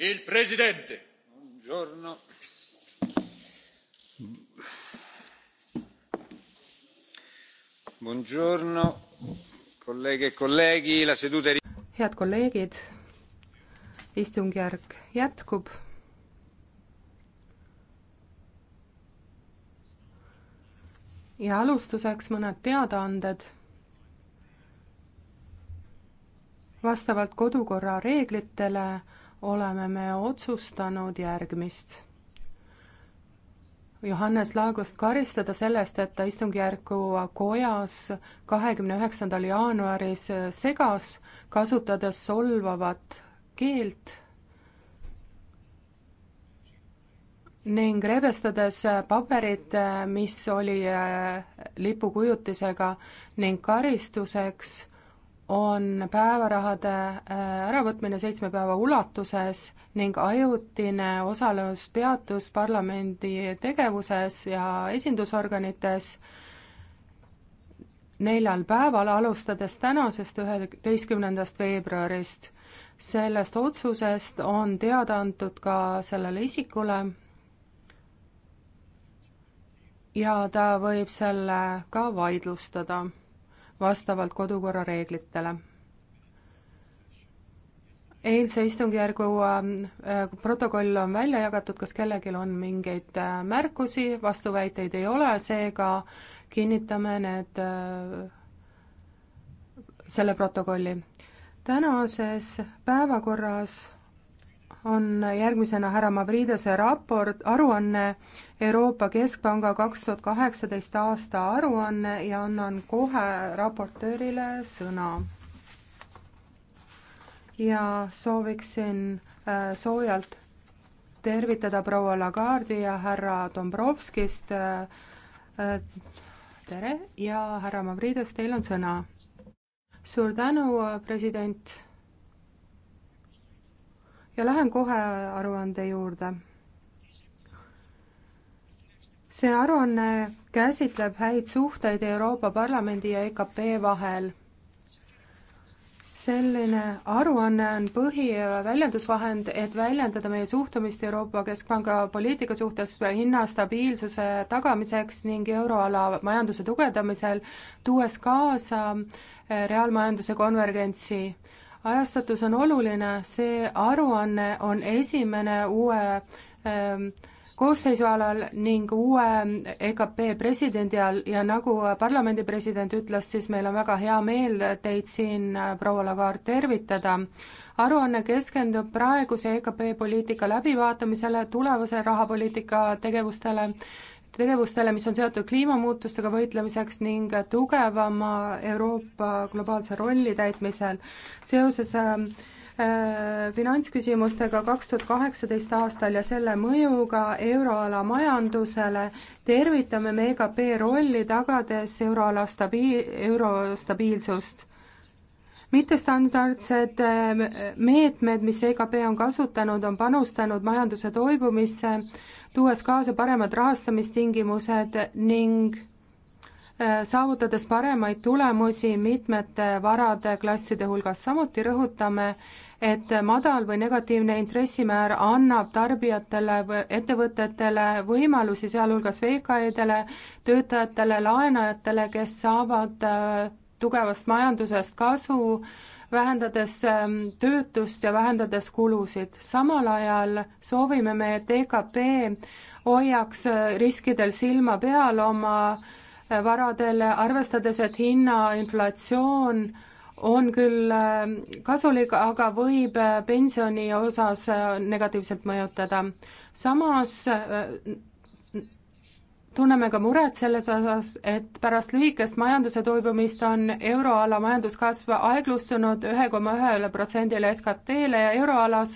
il presidente. Buongiorno. Buongiorno, kolleege ja e kolleegi, la seduta. head kolleegid, istungjärk jätkub. ja alustuseks mõned teadaanded vastavalt kodukorra reeglitele oleme me otsustanud järgmist. Johannes Laagost karistada sellest, et ta istungjärgu kojas kahekümne üheksandal jaanuaris segas, kasutades solvavat keelt ning rebestades paberit, mis oli lipukujutisega ning karistuseks on päevarahade äh, äravõtmine seitsme päeva ulatuses ning ajutine osaluspeatus parlamendi tegevuses ja esindusorganites neljal päeval, alustades tänasest, üheteistkümnendast veebruarist. sellest otsusest on teada antud ka sellele isikule ja ta võib selle ka vaidlustada vastavalt kodukorra reeglitele. eilse istungjärgu äh, protokoll on välja jagatud, kas kellelgi on mingeid äh, märkusi, vastuväiteid ei ole, seega kinnitame need, äh, selle protokolli. tänases päevakorras on järgmisena härra Mavridase raport, aruanne Euroopa Keskpanga kaks tuhat kaheksateist aasta aruanne ja annan kohe raportöörile sõna. ja sooviksin äh, soojalt tervitada proua Lagardi ja härra Dombrovskist. Äh, äh, tere ja härra Mavridas, teil on sõna. suur tänu, president ja lähen kohe aruande juurde. see aruanne käsitleb häid suhteid Euroopa Parlamendi ja EKP vahel. selline aruanne on põhiväljendusvahend, et väljendada meie suhtumist Euroopa Keskpanga poliitika suhtes hinnastabiilsuse tagamiseks ning euroala majanduse tugevdamisel, tuues kaasa reaalmajanduse konvergentsi ajastatus on oluline, see aruanne on esimene uue ähm, koosseisu alal ning uue EKP presidendi all ja nagu parlamendi president ütles, siis meil on väga hea meel teid siin, äh, proua Lagarde, tervitada. aruanne keskendub praeguse EKP poliitika läbivaatamisele, tulevase rahapoliitika tegevustele tegevustele, mis on seotud kliimamuutustega võitlemiseks ning tugevama Euroopa globaalse rolli täitmisel. seoses ähm, äh, finantsküsimustega kaks tuhat kaheksateist aastal ja selle mõjuga euroala majandusele tervitame me EKP rolli, tagades euroala stabii-, euro stabiilsust mittestandardsed äh, meetmed, mis EKP on kasutanud, on panustanud majanduse toibumisse tuues kaasa paremad rahastamistingimused ning äh, saavutades paremaid tulemusi mitmete varade klasside hulgas. samuti rõhutame, et madal või negatiivne intressimäär annab tarbijatele, ettevõtetele võimalusi, sealhulgas VKE-dele, töötajatele, laenajatele, kes saavad äh, tugevast majandusest kasu vähendades ähm, töötust ja vähendades kulusid. samal ajal soovime me, et EKP hoiaks äh, riskidel silma peal oma äh, varadele, arvestades, et hinnainflatsioon on küll ähm, kasulik, aga võib äh, pensioni osas negatiivselt mõjutada. samas tunneme ka muret selles osas, et pärast lühikest majanduse toibumist on euroala majanduskasv aeglustunud ühe koma ühele protsendile SKT-le euroalas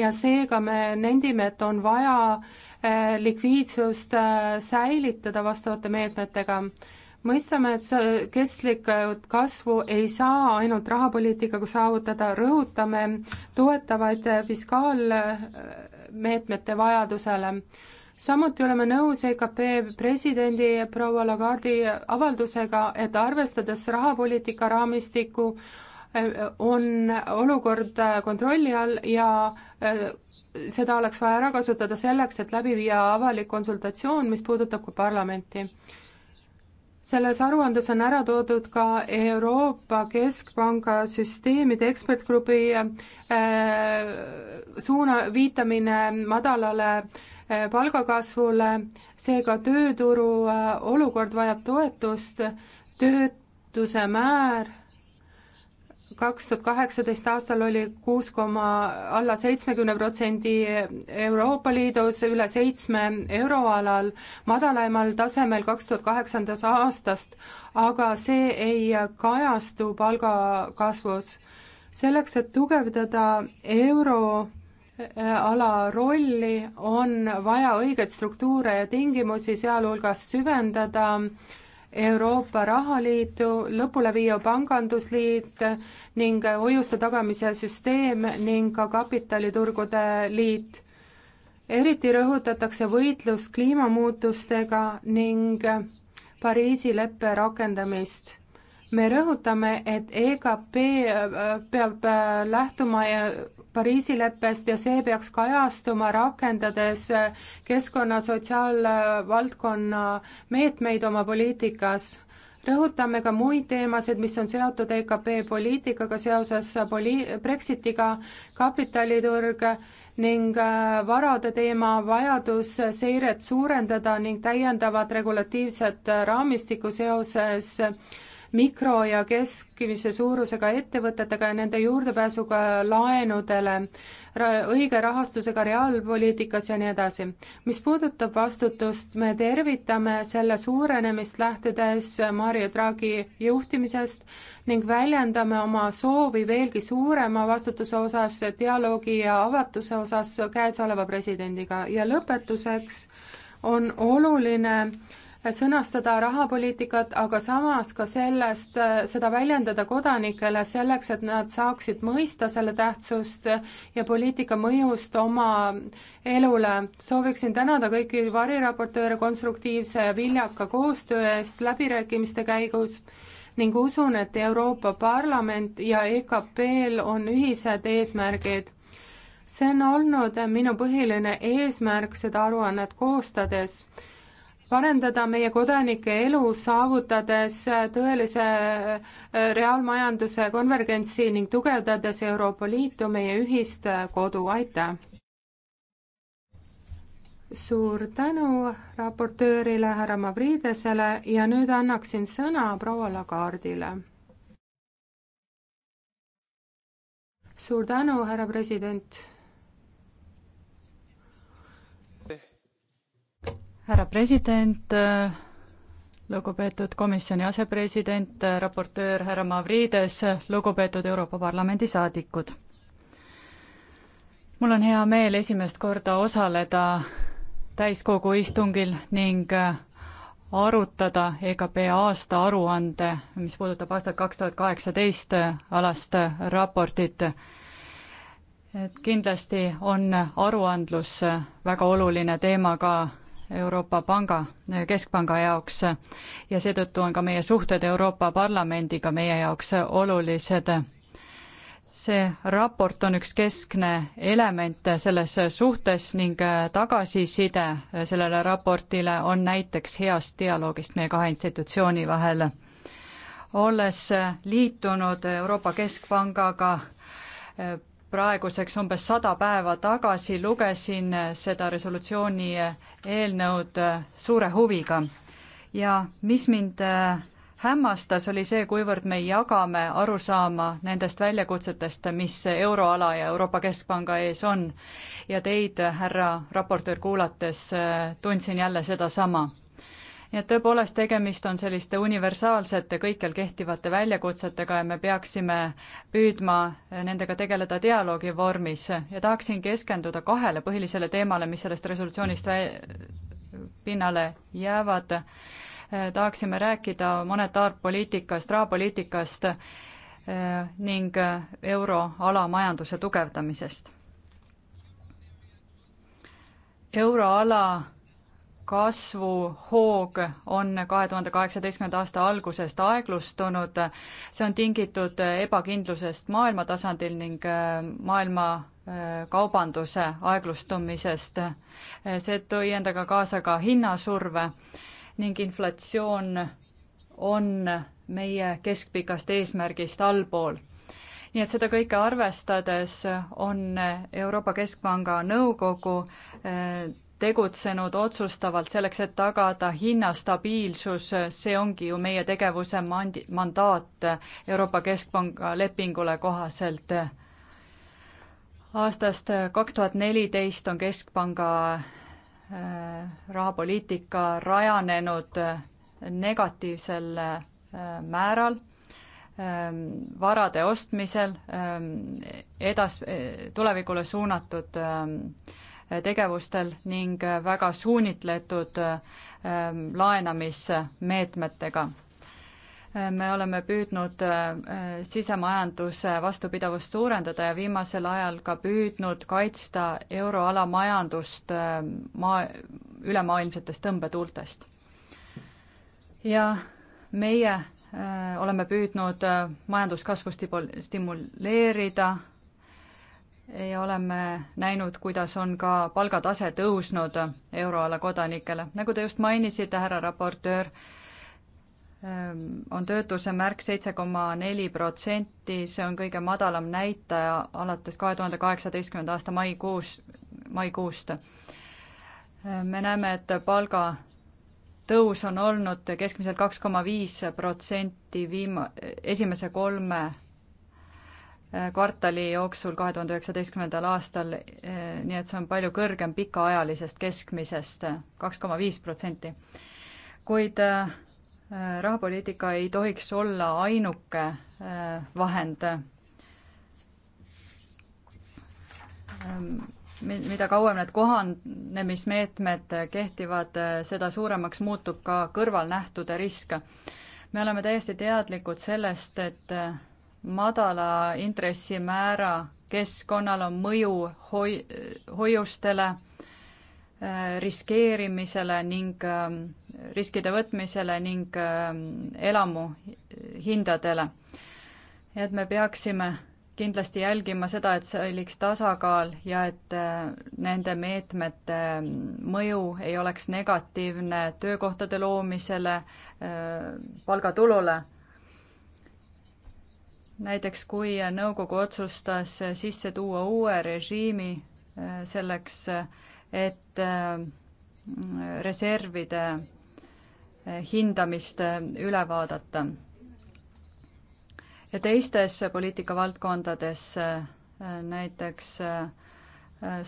ja seega me nendime, et on vaja eh, likviidsust eh, säilitada vastavate meetmetega. mõistame, et see kestlik eh, kasvu ei saa ainult rahapoliitikaga saavutada, rõhutame toetavaid fiskaalmeetmete vajadusele samuti oleme nõus EKP presidendi proua Lagardi avaldusega, et arvestades rahapoliitika raamistikku, eh, on olukord eh, kontrolli all ja eh, seda oleks vaja ära kasutada selleks, et läbi viia avalik konsultatsioon, mis puudutab ka parlamenti. selles aruandes on ära toodud ka Euroopa Keskpanga süsteemide ekspertgrupi suuna viitamine madalale äh, Äh, palgakasvule, seega tööturu äh, olukord vajab toetust, töötuse määr kaks tuhat kaheksateist aastal oli kuus koma alla seitsmekümne protsendi Euroopa Liidus, üle seitsme euroalal, madalaimal tasemel kaks tuhat kaheksandast aastast, aga see ei kajastu palgakasvus. selleks, et tugevdada euro ala rolli, on vaja õigeid struktuure ja tingimusi, sealhulgas süvendada Euroopa Rahaliitu, lõpule viia pangandusliit ning hoiuste tagamise süsteem ning ka kapitaliturgude liit. eriti rõhutatakse võitlust kliimamuutustega ning Pariisi leppe rakendamist me rõhutame, et EKP äh, peab äh, lähtuma Pariisi leppest ja see peaks kajastuma rakendades keskkonna sotsiaalvaldkonna meetmeid oma poliitikas rõhutame ka muid teemasid, mis on seotud EKP poliitikaga seoses poli-, Brexitiga, kapitaliturg ning äh, varade teema vajadus seiret suurendada ning täiendavat regulatiivset äh, raamistikku seoses mikro- ja keskmise suurusega ettevõtetega ja nende juurdepääsuga laenudele, õige rahastusega reaalpoliitikas ja nii edasi. mis puudutab vastutust, me tervitame selle suurenemist, lähtudes Mario Draghi juhtimisest ning väljendame oma soovi veelgi suurema vastutuse osas, dialoogi ja avatuse osas käesoleva presidendiga ja lõpetuseks on oluline sõnastada rahapoliitikat, aga samas ka sellest, seda väljendada kodanikele selleks, et nad saaksid mõista selle tähtsust ja poliitika mõjust oma elule. sooviksin tänada kõiki variraportööre konstruktiivse ja viljaka koostöö eest läbirääkimiste käigus ning usun, et Euroopa Parlament ja EKP-l on ühised eesmärgid see on olnud minu põhiline eesmärk seda aruannet koostades parendada meie kodanike elu, saavutades äh, tõelise äh, reaalmajanduse konvergentsi ning tugevdades Euroopa Liitu, meie ühist äh, kodu, aitäh! suur tänu raportöörile härra Mavridesele ja nüüd annaksin sõna proua Lagaardile. suur tänu, härra president härra president, lugupeetud komisjoni asepresident, raportöör härra Mavrides, lugupeetud Euroopa Parlamendi saadikud. mul on hea meel esimest korda osaleda täiskogu istungil ning arutada EKP aastaaruande, mis puudutab aastat kaks tuhat kaheksateist alast raportit. et kindlasti on aruandlus väga oluline teema ka Euroopa Panga, Keskpanga jaoks ja seetõttu on ka meie suhted Euroopa Parlamendiga meie jaoks olulised. see raport on üks keskne element selles suhtes ning tagasiside sellele raportile on näiteks heast dialoogist meie kahe institutsiooni vahel. olles liitunud Euroopa Keskpangaga praeguseks umbes sada päeva tagasi lugesin seda resolutsiooni eelnõud äh, suure huviga ja mis mind äh, hämmastas, oli see, kuivõrd me jagame arusaama nendest väljakutsetest, mis euroala ja Euroopa Keskpanga ees on. ja teid, härra raportöör, kuulates äh, tundsin jälle sedasama nii et tõepoolest, tegemist on selliste universaalsete, kõikjal kehtivate väljakutsetega ja me peaksime püüdma nendega tegeleda dialoogi vormis ja tahaksin keskenduda kahele põhilisele teemale, mis sellest resolutsioonist pinnale jäävad. tahaksime rääkida monetaarpoliitikast, rahapoliitikast eh, ning euroala majanduse tugevdamisest. euroala kasvuhoog on kahe tuhande kaheksateistkümnenda aasta algusest aeglustunud. see on tingitud ebakindlusest maailma tasandil ning äh, maailma äh, kaubanduse aeglustumisest. see tõi endaga kaasa ka hinnasurve ning inflatsioon on meie keskpikast eesmärgist allpool nii et seda kõike arvestades on Euroopa Keskpanga nõukogu äh, tegutsenud otsustavalt selleks, et tagada hinnastabiilsus, see ongi ju meie tegevuse mandi-, mandaat Euroopa Keskpanga lepingule kohaselt. aastast kaks tuhat neliteist on Keskpanga äh, rahapoliitika rajanenud negatiivsel äh, määral ähm, varade ostmisel, ähm, edas-, äh, tulevikule suunatud ähm, tegevustel ning väga suunitletud ähm, laenamismeetmetega. Ähm, me oleme püüdnud äh, sisemajanduse vastupidavust suurendada ja viimasel ajal ka püüdnud kaitsta euroala majandust ähm, maa, ülemaailmsetest tõmbetuultest. ja meie äh, oleme püüdnud äh, majanduskasvu stimuleerida, ja oleme näinud, kuidas on ka palgatase tõusnud euroala kodanikele. nagu te just mainisite, härra raportöör, ähm, on töötuse märk seitse koma neli protsenti, see on kõige madalam näitaja alates kahe tuhande kaheksateistkümnenda aasta maikuus, maikuust. Ähm, me näeme, et palga tõus on olnud keskmiselt kaks koma viis protsenti viima-, esimese kolme Äh, kvartali jooksul kahe tuhande üheksateistkümnendal aastal, äh, nii et see on palju kõrgem pikaajalisest keskmisest, kaks koma viis protsenti. kuid äh, rahapoliitika ei tohiks olla ainuke vahend, ähm, mida kauem need kohanemismeetmed kehtivad, seda suuremaks muutub ka kõrvalnähtude risk. me oleme täiesti teadlikud sellest, et madala intressimäära keskkonnal on mõju hoi-, hoiustele, äh, riskeerimisele ning äh, riskide võtmisele ning äh, elamu hindadele. et me peaksime kindlasti jälgima seda, et säiliks tasakaal ja et nende meetmete mõju ei oleks negatiivne töökohtade loomisele, palgatulule näiteks kui nõukogu otsustas sisse tuua uue režiimi äh, selleks, et äh, reservide äh, hindamist üle vaadata. ja teistes poliitikavaldkondades, näiteks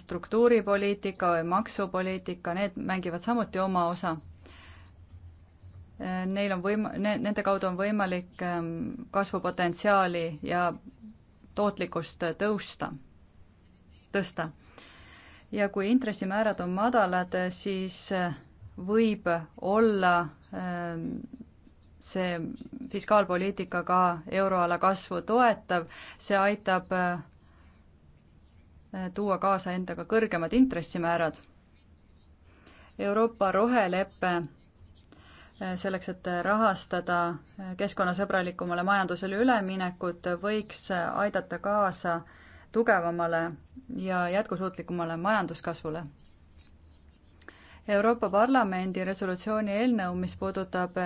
struktuuripoliitika või maksupoliitika, need mängivad samuti oma osa neil on võim-, ne-, nende kaudu on võimalik ähm, kasvupotentsiaali ja tootlikkust tõusta, tõsta. ja kui intressimäärad on madalad, siis äh, võib olla ähm, see fiskaalpoliitika ka euroala kasvu toetav, see aitab äh, tuua kaasa endaga kõrgemad intressimäärad. Euroopa rohelepe Eh, selleks, et eh, rahastada eh, keskkonnasõbralikumale majandusele üleminekut, võiks aidata kaasa tugevamale ja jätkusuutlikumale majanduskasvule. Euroopa Parlamendi resolutsiooni eelnõu, mis puudutab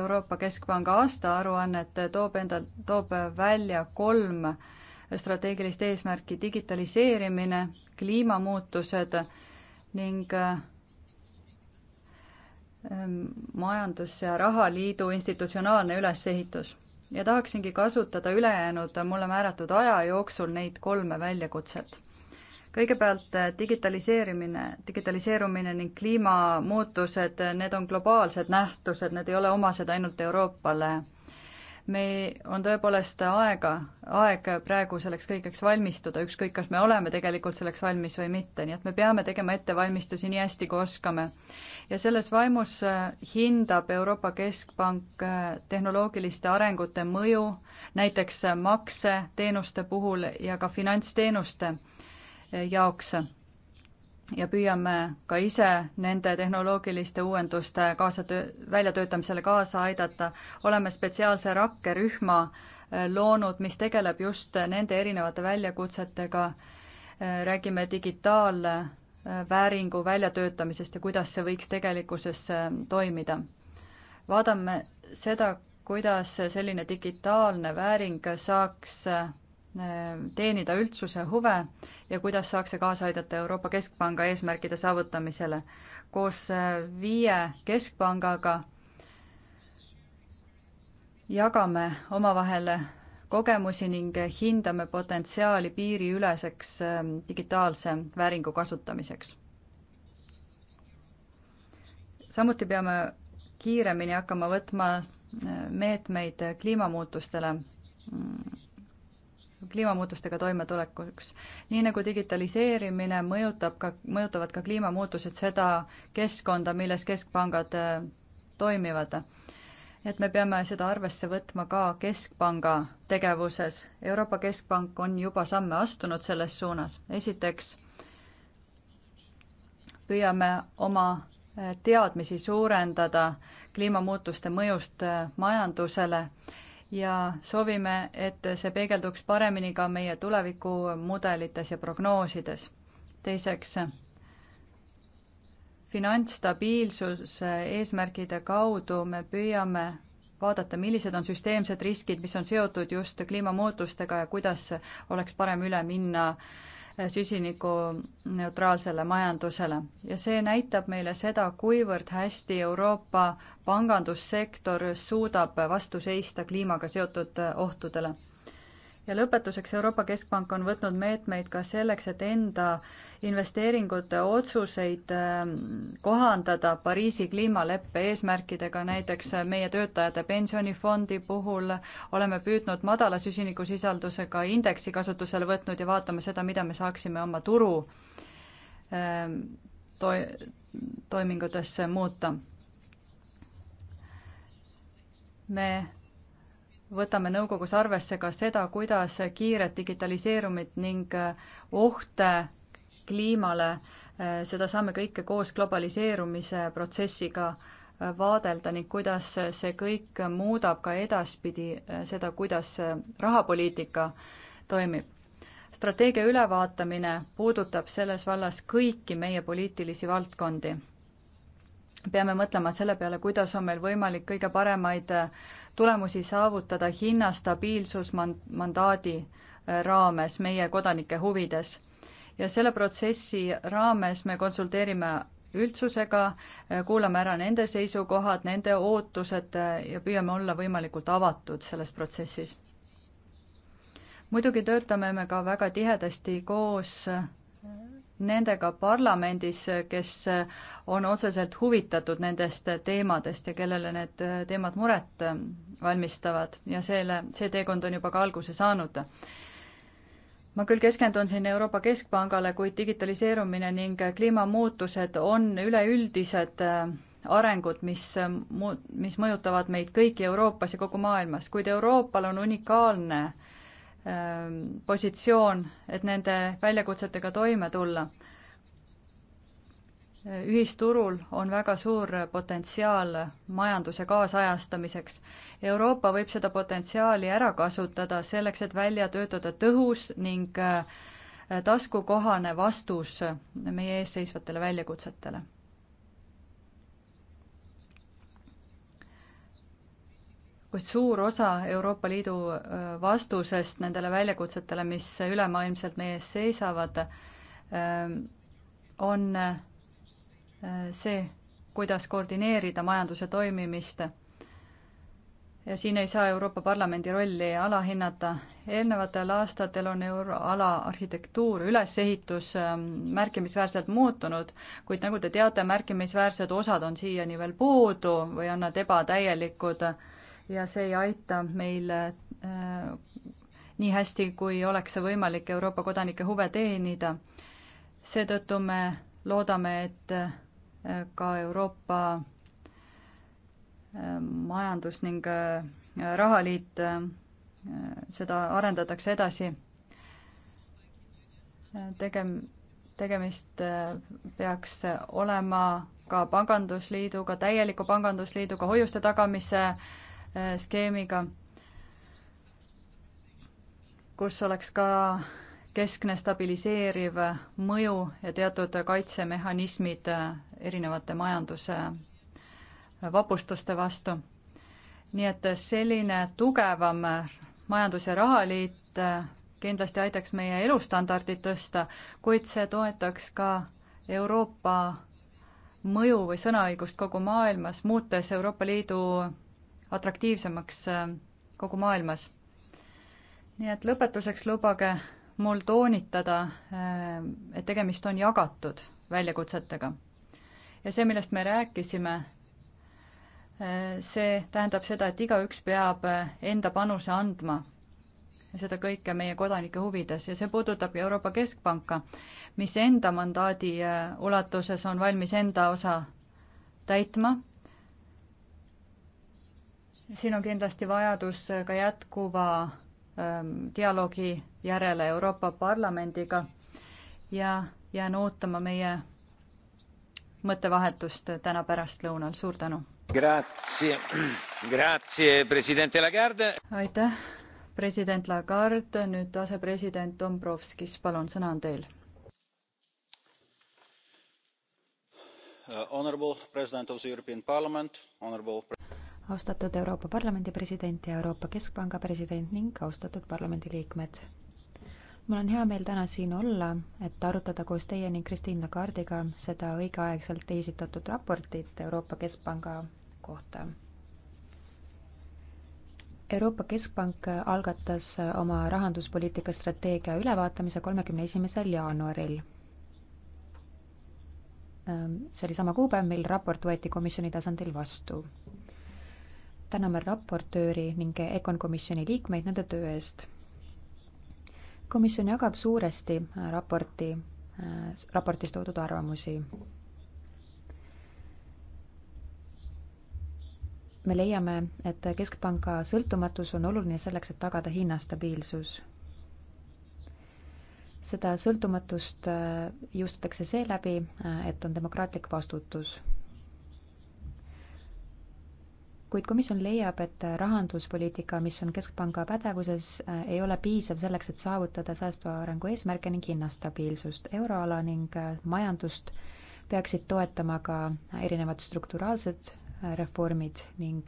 Euroopa Keskpanga aastaaruannet, toob endal, toob välja kolm strateegilist eesmärki digitaliseerimine, kliimamuutused ning Ehm, majandus- ja rahaliidu institutsionaalne ülesehitus. ja tahaksingi kasutada ülejäänud mulle määratud aja jooksul neid kolme väljakutset. kõigepealt eh, digitaliseerimine, digitaliseerumine ning kliimamuutused, eh, need on globaalsed nähtused, need ei ole omased ainult Euroopale me, on tõepoolest aega, aeg praegu selleks kõigeks valmistuda, ükskõik, kas me oleme tegelikult selleks valmis või mitte, nii et me peame tegema ettevalmistusi nii hästi, kui oskame. ja selles vaimus äh, hindab Euroopa Keskpank äh, tehnoloogiliste arengute mõju näiteks äh, makseteenuste puhul ja ka finantsteenuste jaoks ja püüame ka ise nende tehnoloogiliste uuenduste kaasa töö, väljatöötamisele kaasa aidata. oleme spetsiaalse rakkerühma äh, loonud, mis tegeleb just nende erinevate väljakutsetega, äh, räägime digitaalvääringu äh, väljatöötamisest ja kuidas see võiks tegelikkuses toimida. vaatame seda, kuidas selline digitaalne vääring saaks teenida üldsuse huve ja kuidas saaks see kaasa aidata Euroopa Keskpanga eesmärkide saavutamisele. koos äh, viie keskpangaga jagame omavahel kogemusi ning hindame potentsiaali piiriüleseks äh, digitaalse vääringu kasutamiseks. samuti peame kiiremini hakkama võtma äh, meetmeid kliimamuutustele mm, kliimamuutustega toimetulekuks. nii nagu digitaliseerimine mõjutab ka, mõjutavad ka kliimamuutused seda keskkonda, milles keskpangad äh, toimivad. et me peame seda arvesse võtma ka Keskpanga tegevuses. Euroopa Keskpank on juba samme astunud selles suunas. esiteks püüame oma äh, teadmisi suurendada kliimamuutuste mõjust äh, majandusele ja soovime, et see peegelduks paremini ka meie tulevikumudelites ja prognoosides. teiseks, finantsstabiilsuse eesmärgide kaudu me püüame vaadata, millised on süsteemsed riskid, mis on seotud just kliimamuutustega ja kuidas oleks parem üle minna äh, süsinikuneutraalsele majandusele ja see näitab meile seda, kuivõrd hästi Euroopa pangandussektor suudab vastu seista kliimaga seotud ohtudele. ja lõpetuseks, Euroopa Keskpank on võtnud meetmeid ka selleks, et enda investeeringute otsuseid ähm, kohandada Pariisi kliimaleppe eesmärkidega, näiteks äh, meie töötajate pensionifondi puhul oleme püüdnud madala süsinikusisaldusega indeksi kasutusele võtnud ja vaatame seda, mida me saaksime oma turu ähm, to-, toimingutesse muuta. me võtame nõukogus arvesse ka seda, kuidas kiiret digitaliseerumit ning äh, ohte kliimale, äh, seda saame kõike koos globaliseerumise protsessiga äh, vaadelda ning kuidas see kõik muudab ka edaspidi äh, seda, kuidas rahapoliitika toimib. strateegia ülevaatamine puudutab selles vallas kõiki meie poliitilisi valdkondi. peame mõtlema selle peale, kuidas on meil võimalik kõige paremaid tulemusi saavutada hinnastabiilsus man-, mandaadi raames meie kodanike huvides ja selle protsessi raames me konsulteerime üldsusega, äh, kuulame ära nende seisukohad, nende ootused äh, ja püüame olla võimalikult avatud selles protsessis. muidugi töötame me ka väga tihedasti koos äh, nendega parlamendis, kes on otseselt huvitatud nendest teemadest ja kellele need teemad muret valmistavad ja selle, see teekond on juba ka alguse saanud ma küll keskendun siin Euroopa Keskpangale, kuid digitaliseerumine ning kliimamuutused on üleüldised äh, arengud, mis äh, mu-, mis mõjutavad meid kõiki Euroopas ja kogu maailmas, kuid Euroopal on unikaalne äh, positsioon, et nende väljakutsetega toime tulla ühisturul on väga suur potentsiaal majanduse kaasajastamiseks. Euroopa võib seda potentsiaali ära kasutada selleks, et välja töötada tõhus ning äh, taskukohane vastus meie ees seisvatele väljakutsetele. kuid suur osa Euroopa Liidu äh, vastusest nendele väljakutsetele, mis ülemaailmselt meie ees seisavad, äh, on see, kuidas koordineerida majanduse toimimist. ja siin ei saa Euroopa Parlamendi rolli alahinnata. eelnevatel aastatel on euroala arhitektuur, ülesehitus ähm, märkimisväärselt muutunud, kuid nagu te teate, märkimisväärsed osad on siiani veel puudu või on nad ebatäielikud ja see ei aita meil äh, nii hästi, kui oleks see võimalik Euroopa kodanike huve teenida. seetõttu me loodame, et ka Euroopa äh, majandus- ning äh, rahaliit, äh, seda arendatakse edasi. tegem-, tegemist peaks olema ka pangandusliiduga, täieliku pangandusliiduga, hoiuste tagamise skeemiga, kus oleks ka keskne stabiliseeriv mõju ja teatud kaitsemehhanismid erinevate majanduse vapustuste vastu. nii et selline tugevam majandus- ja rahaliit kindlasti aitaks meie elustandardit tõsta, kuid see toetaks ka Euroopa mõju või sõnaõigust kogu maailmas, muutes Euroopa Liidu atraktiivsemaks kogu maailmas. nii et lõpetuseks lubage mul toonitada, äh, et tegemist on jagatud väljakutsetega. ja see, millest me rääkisime, äh, see tähendab seda, et igaüks peab äh, enda panuse andma ja seda kõike meie kodanike huvides ja see puudutab ka Euroopa Keskpanka, mis enda mandaadi ulatuses on valmis enda osa täitma. siin on kindlasti vajadus ka jätkuva ähm, dialoogi ähm, järele Euroopa Parlamendiga ja jään ootama meie mõttevahetust täna pärastlõunal, suur tänu! aitäh, president Lagarde, nüüd asepresident Dombrovskis, palun, sõna on teil. Uh, austatud Euroopa Parlamendi president ja Euroopa Keskpanga president ning austatud parlamendiliikmed mul on hea meel täna siin olla, et arutada koos teie ning Kristiin Lagardiga seda õigeaegselt esitatud raportit Euroopa Keskpanga kohta. Euroopa Keskpank algatas oma rahanduspoliitika strateegia ülevaatamise kolmekümne esimesel jaanuaril. Ehm, see oli sama kuupäev, mil raport võeti komisjoni tasandil vastu. täname raportööri ning Econ komisjoni liikmeid nende töö eest komisjon jagab suuresti raporti, raportis toodud arvamusi. me leiame, et Keskpanga sõltumatus on oluline selleks, et tagada hinnastabiilsus. seda sõltumatust äh, jõustatakse seeläbi, äh, et on demokraatlik vastutus kuid komisjon leiab, et rahanduspoliitika, mis on Keskpanga pädevuses, äh, ei ole piisav selleks, et saavutada säästva arengu eesmärke ning hinnastabiilsust. euroala ning äh, majandust peaksid toetama ka erinevad strukturaalsed äh, reformid ning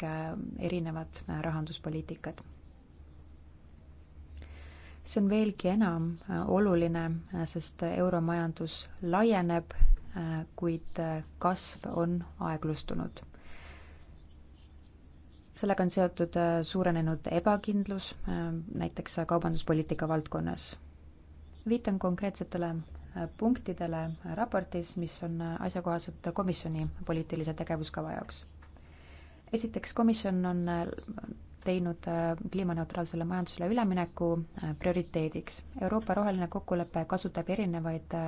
erinevad rahanduspoliitikad. see on veelgi enam oluline, sest euromajandus laieneb, kuid kasv on aeglustunud sellega on seotud äh, suurenenud ebakindlus äh, näiteks äh, kaubanduspoliitika valdkonnas. viitan konkreetsetele punktidele raportis, mis on asjakohased komisjoni poliitilise tegevuskava jaoks. esiteks, komisjon on teinud äh, kliimaneutraalsele majandusele ülemineku äh, prioriteediks. Euroopa roheline kokkulepe kasutab erinevaid äh,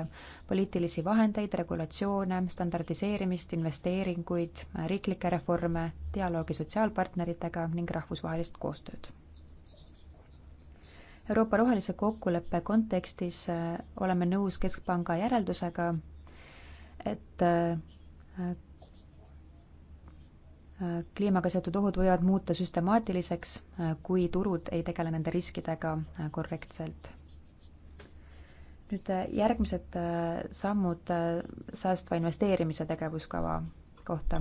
poliitilisi vahendeid, regulatsioone, standardiseerimist, investeeringuid, riiklikke reforme, dialoogi sotsiaalpartneritega ning rahvusvahelist koostööd. Euroopa rohelise kokkuleppe kontekstis oleme nõus Keskpanga järeldusega, et kliimaga seotud ohud võivad muuta süstemaatiliseks, kui turud ei tegele nende riskidega korrektselt. nüüd järgmised äh, sammud äh, säästva investeerimise tegevuskava kohta.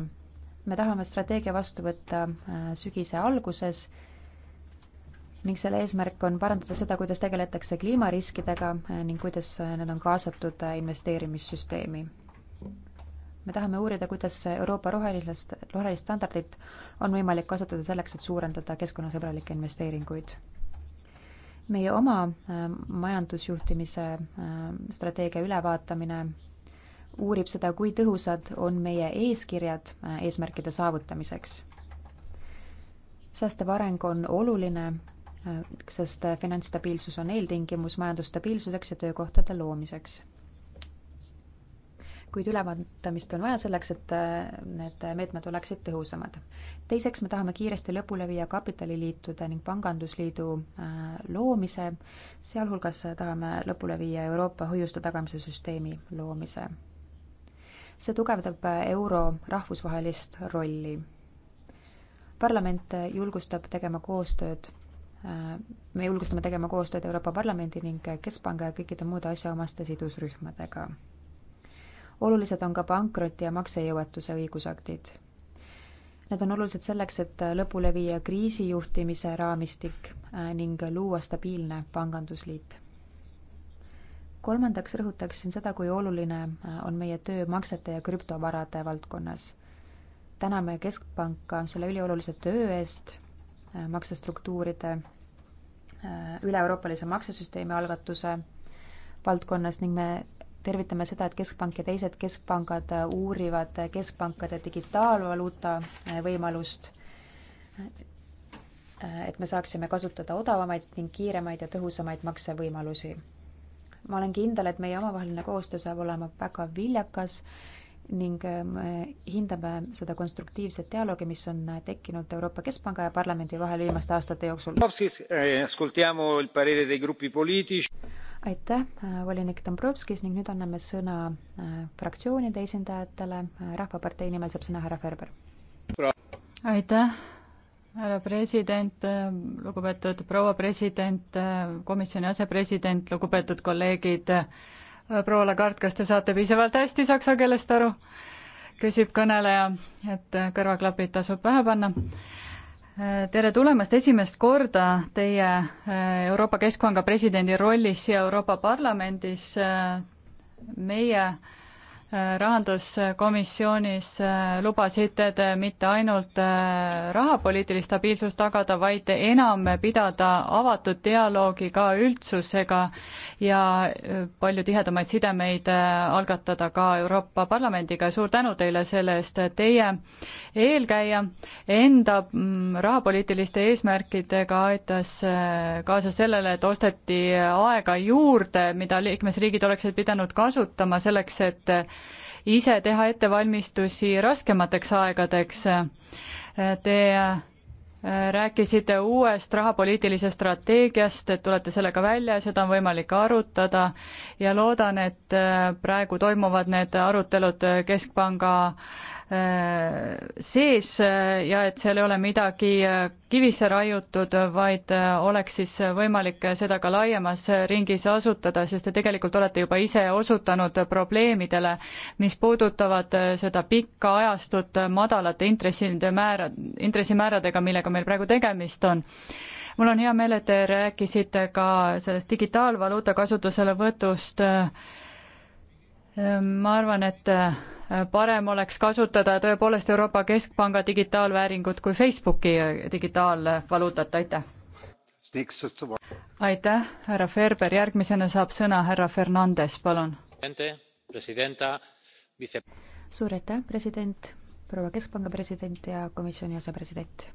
me tahame strateegia vastu võtta äh, sügise alguses ning selle eesmärk on parandada seda, kuidas tegeletakse kliimariskidega ning kuidas need on kaasatud investeerimissüsteemi me tahame uurida, kuidas Euroopa rohelist, rohelist standardit on võimalik kasutada selleks, et suurendada keskkonnasõbralikke investeeringuid. meie oma ähm, majandusjuhtimise ähm, strateegia ülevaatamine uurib seda, kui tõhusad on meie eeskirjad äh, eesmärkide saavutamiseks. säästev areng on oluline, äh, sest äh, finantsstabiilsus on eeltingimus majandusstabiilsuseks ja töökohtade loomiseks kuid ülevaatamist on vaja selleks, et äh, need meetmed oleksid tõhusamad. teiseks, me tahame kiiresti lõpule viia kapitaliliitude ning pangandusliidu äh, loomise, sealhulgas tahame lõpule viia Euroopa hoiuste tagamise süsteemi loomise. see tugevdab äh, euro rahvusvahelist rolli. parlament julgustab tegema koostööd me julgustame tegema koostööd Euroopa Parlamendi ning Keskpanga ja kõikide muude asjaomaste sidusrühmadega olulised on ka pankroti ja maksejõuetuse õigusaktid. Need on olulised selleks, et lõpule viia kriisijuhtimise raamistik äh, ning luua stabiilne pangandusliit. kolmandaks rõhutaksin seda, kui oluline äh, on meie töö maksete ja krüptovarade valdkonnas. täname Keskpanka selle üliolulise töö eest äh, maksestruktuuride üle-euroopalise maksesüsteemi algatuse valdkonnas ning me tervitame seda, et Keskpank ja teised keskpangad äh, uurivad äh, keskpankade digitaalvaluuta äh, võimalust, et me saaksime kasutada odavamaid ning kiiremaid ja tõhusamaid maksevõimalusi. ma olen kindel, et meie omavaheline koostöö saab olema väga viljakas ning me hindame seda konstruktiivset dialoogi, mis on tekkinud Euroopa Keskpanga ja parlamendi vahel viimaste aastate jooksul aitäh, äh, volinik Dombrovskis ning nüüd anname sõna äh, fraktsioonide esindajatele. Äh, rahvapartei nimel saab sõna härra Ferber. aitäh, härra president, lugupeetud proua president, komisjoni asepresident, lugupeetud kolleegid. proua Lagart, kas te saate piisavalt hästi saksa keelest aru? küsib kõneleja, et kõrvaklapid tasub pähe panna tere tulemast esimest korda teie äh, Euroopa Keskpanga presidendi rollis siia Euroopa Parlamendis. Äh, meie rahanduskomisjonis äh, lubasite te mitte ainult äh, rahapoliitilist stabiilsust tagada, vaid enam pidada avatud dialoogi ka üldsusega ja äh, palju tihedamaid sidemeid algatada ka Euroopa Parlamendiga ja suur tänu teile selle eest, teie eelkäija enda mm, rahapoliitiliste eesmärkidega aitas kaasa sellele, et osteti aega juurde, mida liikmesriigid oleksid pidanud kasutama selleks, et ise teha ettevalmistusi raskemateks aegadeks. Te äh, rääkisite uuest rahapoliitilisest strateegiast, et tulete sellega välja ja seda on võimalik arutada ja loodan, et äh, praegu toimuvad need arutelud Keskpanga Äh, sees äh, ja et seal ei ole midagi äh, kivisse raiutud, vaid oleks siis võimalik seda ka laiemas ringis asutada, sest te tegelikult olete juba ise osutanud probleemidele, mis puudutavad seda pikka ajastut madalate intresside määra, intressimääradega, millega meil praegu tegemist on mul on hea meel, et te rääkisite ka sellest digitaalvaluuta kasutuselevõtust. ma arvan, et parem oleks kasutada tõepoolest Euroopa Keskpanga digitaalvääringut kui Facebooki digitaalvaluutat, aitäh! aitäh, härra Ferber, järgmisena saab sõna härra Fernandes, palun. suur aitäh, president, proua Keskpanga president ja komisjoni asepresident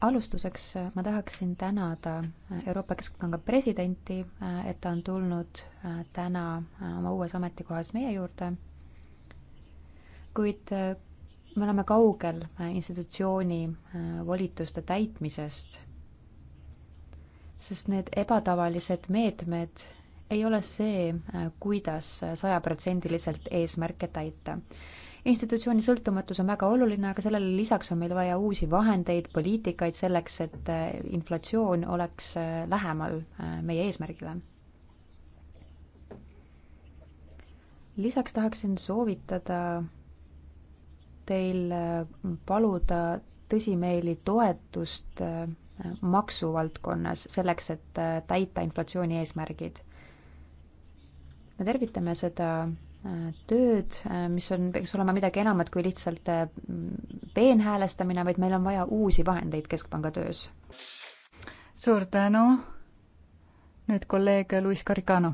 alustuseks äh, ma tahaksin tänada äh, Euroopa Keskpanga presidenti, äh, et ta on tulnud täna oma uues ametikohas meie juurde, kuid me oleme kaugel institutsiooni volituste täitmisest, sest need ebatavalised meetmed ei ole see kuidas, kuidas sajaprotsendiliselt eesmärke täita institutsiooni sõltumatus on väga oluline, aga sellele lisaks on meil vaja uusi vahendeid, poliitikaid selleks, et äh, inflatsioon oleks äh, lähemal äh, meie eesmärgile. lisaks tahaksin soovitada teil paluda tõsimeeli toetust maksuvaldkonnas selleks, et täita inflatsiooni eesmärgid. me tervitame seda tööd, mis on, peaks olema midagi enamat kui lihtsalt äh, peenhäälestamine, vaid meil on vaja uusi vahendeid Keskpanga töös. suur tänu. nüüd kolleeg Luis Caricano.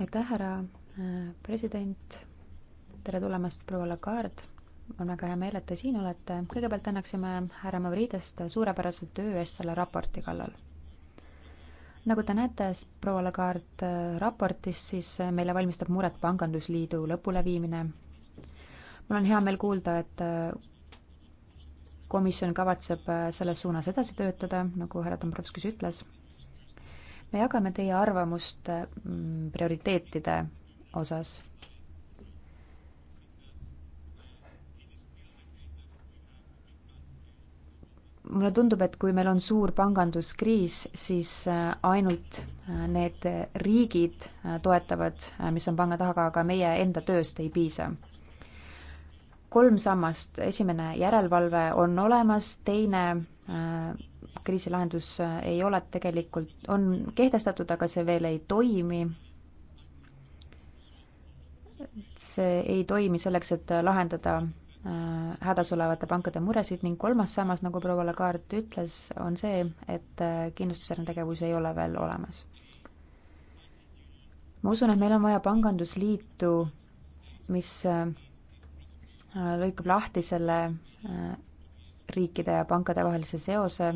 aitäh, härra äh, president. tere tulemast, proua Lagarde on väga hea meel, et te siin olete. kõigepealt annaksime härra Mavridest suurepärase töö eest selle raporti kallal nagu te näete, proua Lagarde äh, raportist, siis äh, meile valmistab muret pangandusliidu lõpuleviimine. mul on hea meel kuulda, et äh, komisjon kavatseb selles suunas edasi töötada, nagu härra Dombrovskis ütles. me jagame teie arvamust prioriteetide osas mulle tundub, et kui meil on suur panganduskriis, siis äh, ainult äh, need riigid äh, toetavad, mis on panga taga, aga meie enda tööst ei piisa. kolm sammast, esimene järelevalve on olemas, teine kriisilahendus ei ole tegelikult, on kehtestatud, aga see veel ei toimi. see ei toimi selleks, et lahendada Äh, hädas olevate pankade muresid ning kolmas sammas, nagu proua Lagarde ütles, on see, et äh, kindlustusjärgne tegevus ei ole veel olemas. ma usun, et meil on vaja pangandusliitu, mis äh, lõikab lahti selle riikide ja pankade vahelise seose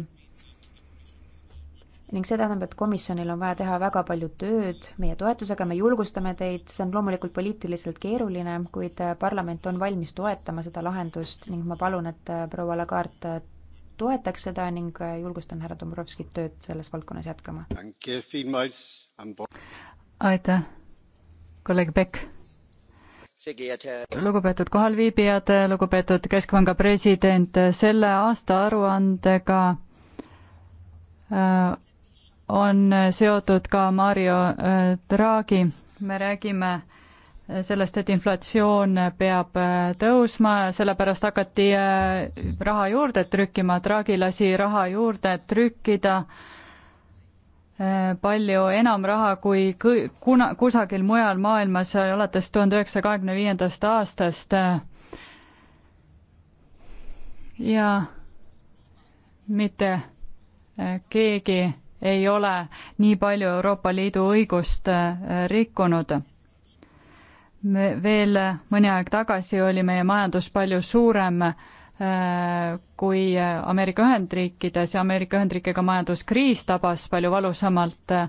ning see tähendab, et komisjonil on vaja teha väga palju tööd meie toetusega, me julgustame teid, see on loomulikult poliitiliselt keeruline, kuid parlament on valmis toetama seda lahendust ning ma palun, et proua Lagarde toetaks seda ning julgustan härra Dombrovskit tööd selles valdkonnas jätkama. aitäh, kolleeg Beck. lugupeetud kohalviibijad, lugupeetud Keskpanga president, selle aasta aruandega äh, on seotud ka Mario äh, Draghi. me räägime äh, sellest, et inflatsioon peab äh, tõusma, sellepärast hakati raha juurde trükkima, Draghi lasi raha juurde trükkida palju enam raha kui kõ-, kuna, kusagil mujal maailmas alates tuhande üheksasaja kahekümne viiendast aastast. ja mitte keegi ei ole nii palju Euroopa Liidu õigust äh, rikkunud. me veel mõni aeg tagasi oli meie majandus palju suurem äh, kui Ameerika Ühendriikides ja Ameerika Ühendriikidega majanduskriis tabas palju valusamalt äh,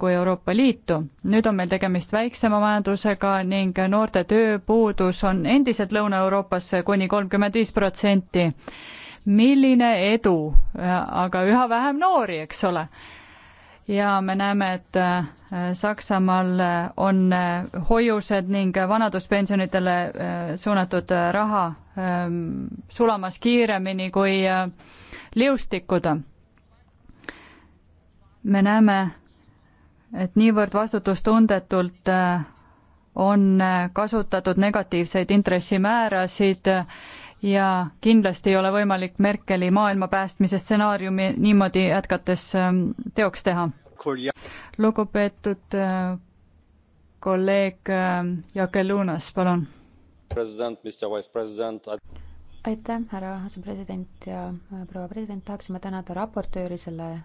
kui Euroopa Liitu. nüüd on meil tegemist väiksema majandusega ning noorte tööpuudus on endiselt Lõuna-Euroopas kuni kolmkümmend viis protsenti milline edu, aga üha vähem noori, eks ole. ja me näeme, et äh, Saksamaal äh, on äh, hoiused ning vanaduspensionitele suunatud raha ähm, sulamas kiiremini kui liustikud. me näeme, et niivõrd vastutustundetult on kasutatud negatiivseid intressimäärasid ja kindlasti ei ole võimalik Merkeli maailma päästmise stsenaariumi niimoodi jätkates ähm, teoks teha. lugupeetud äh, kolleeg ähm, Jake Lunas, palun. aitäh, härra asepresident ja äh, proua president, tahaksime tänada raportööri selle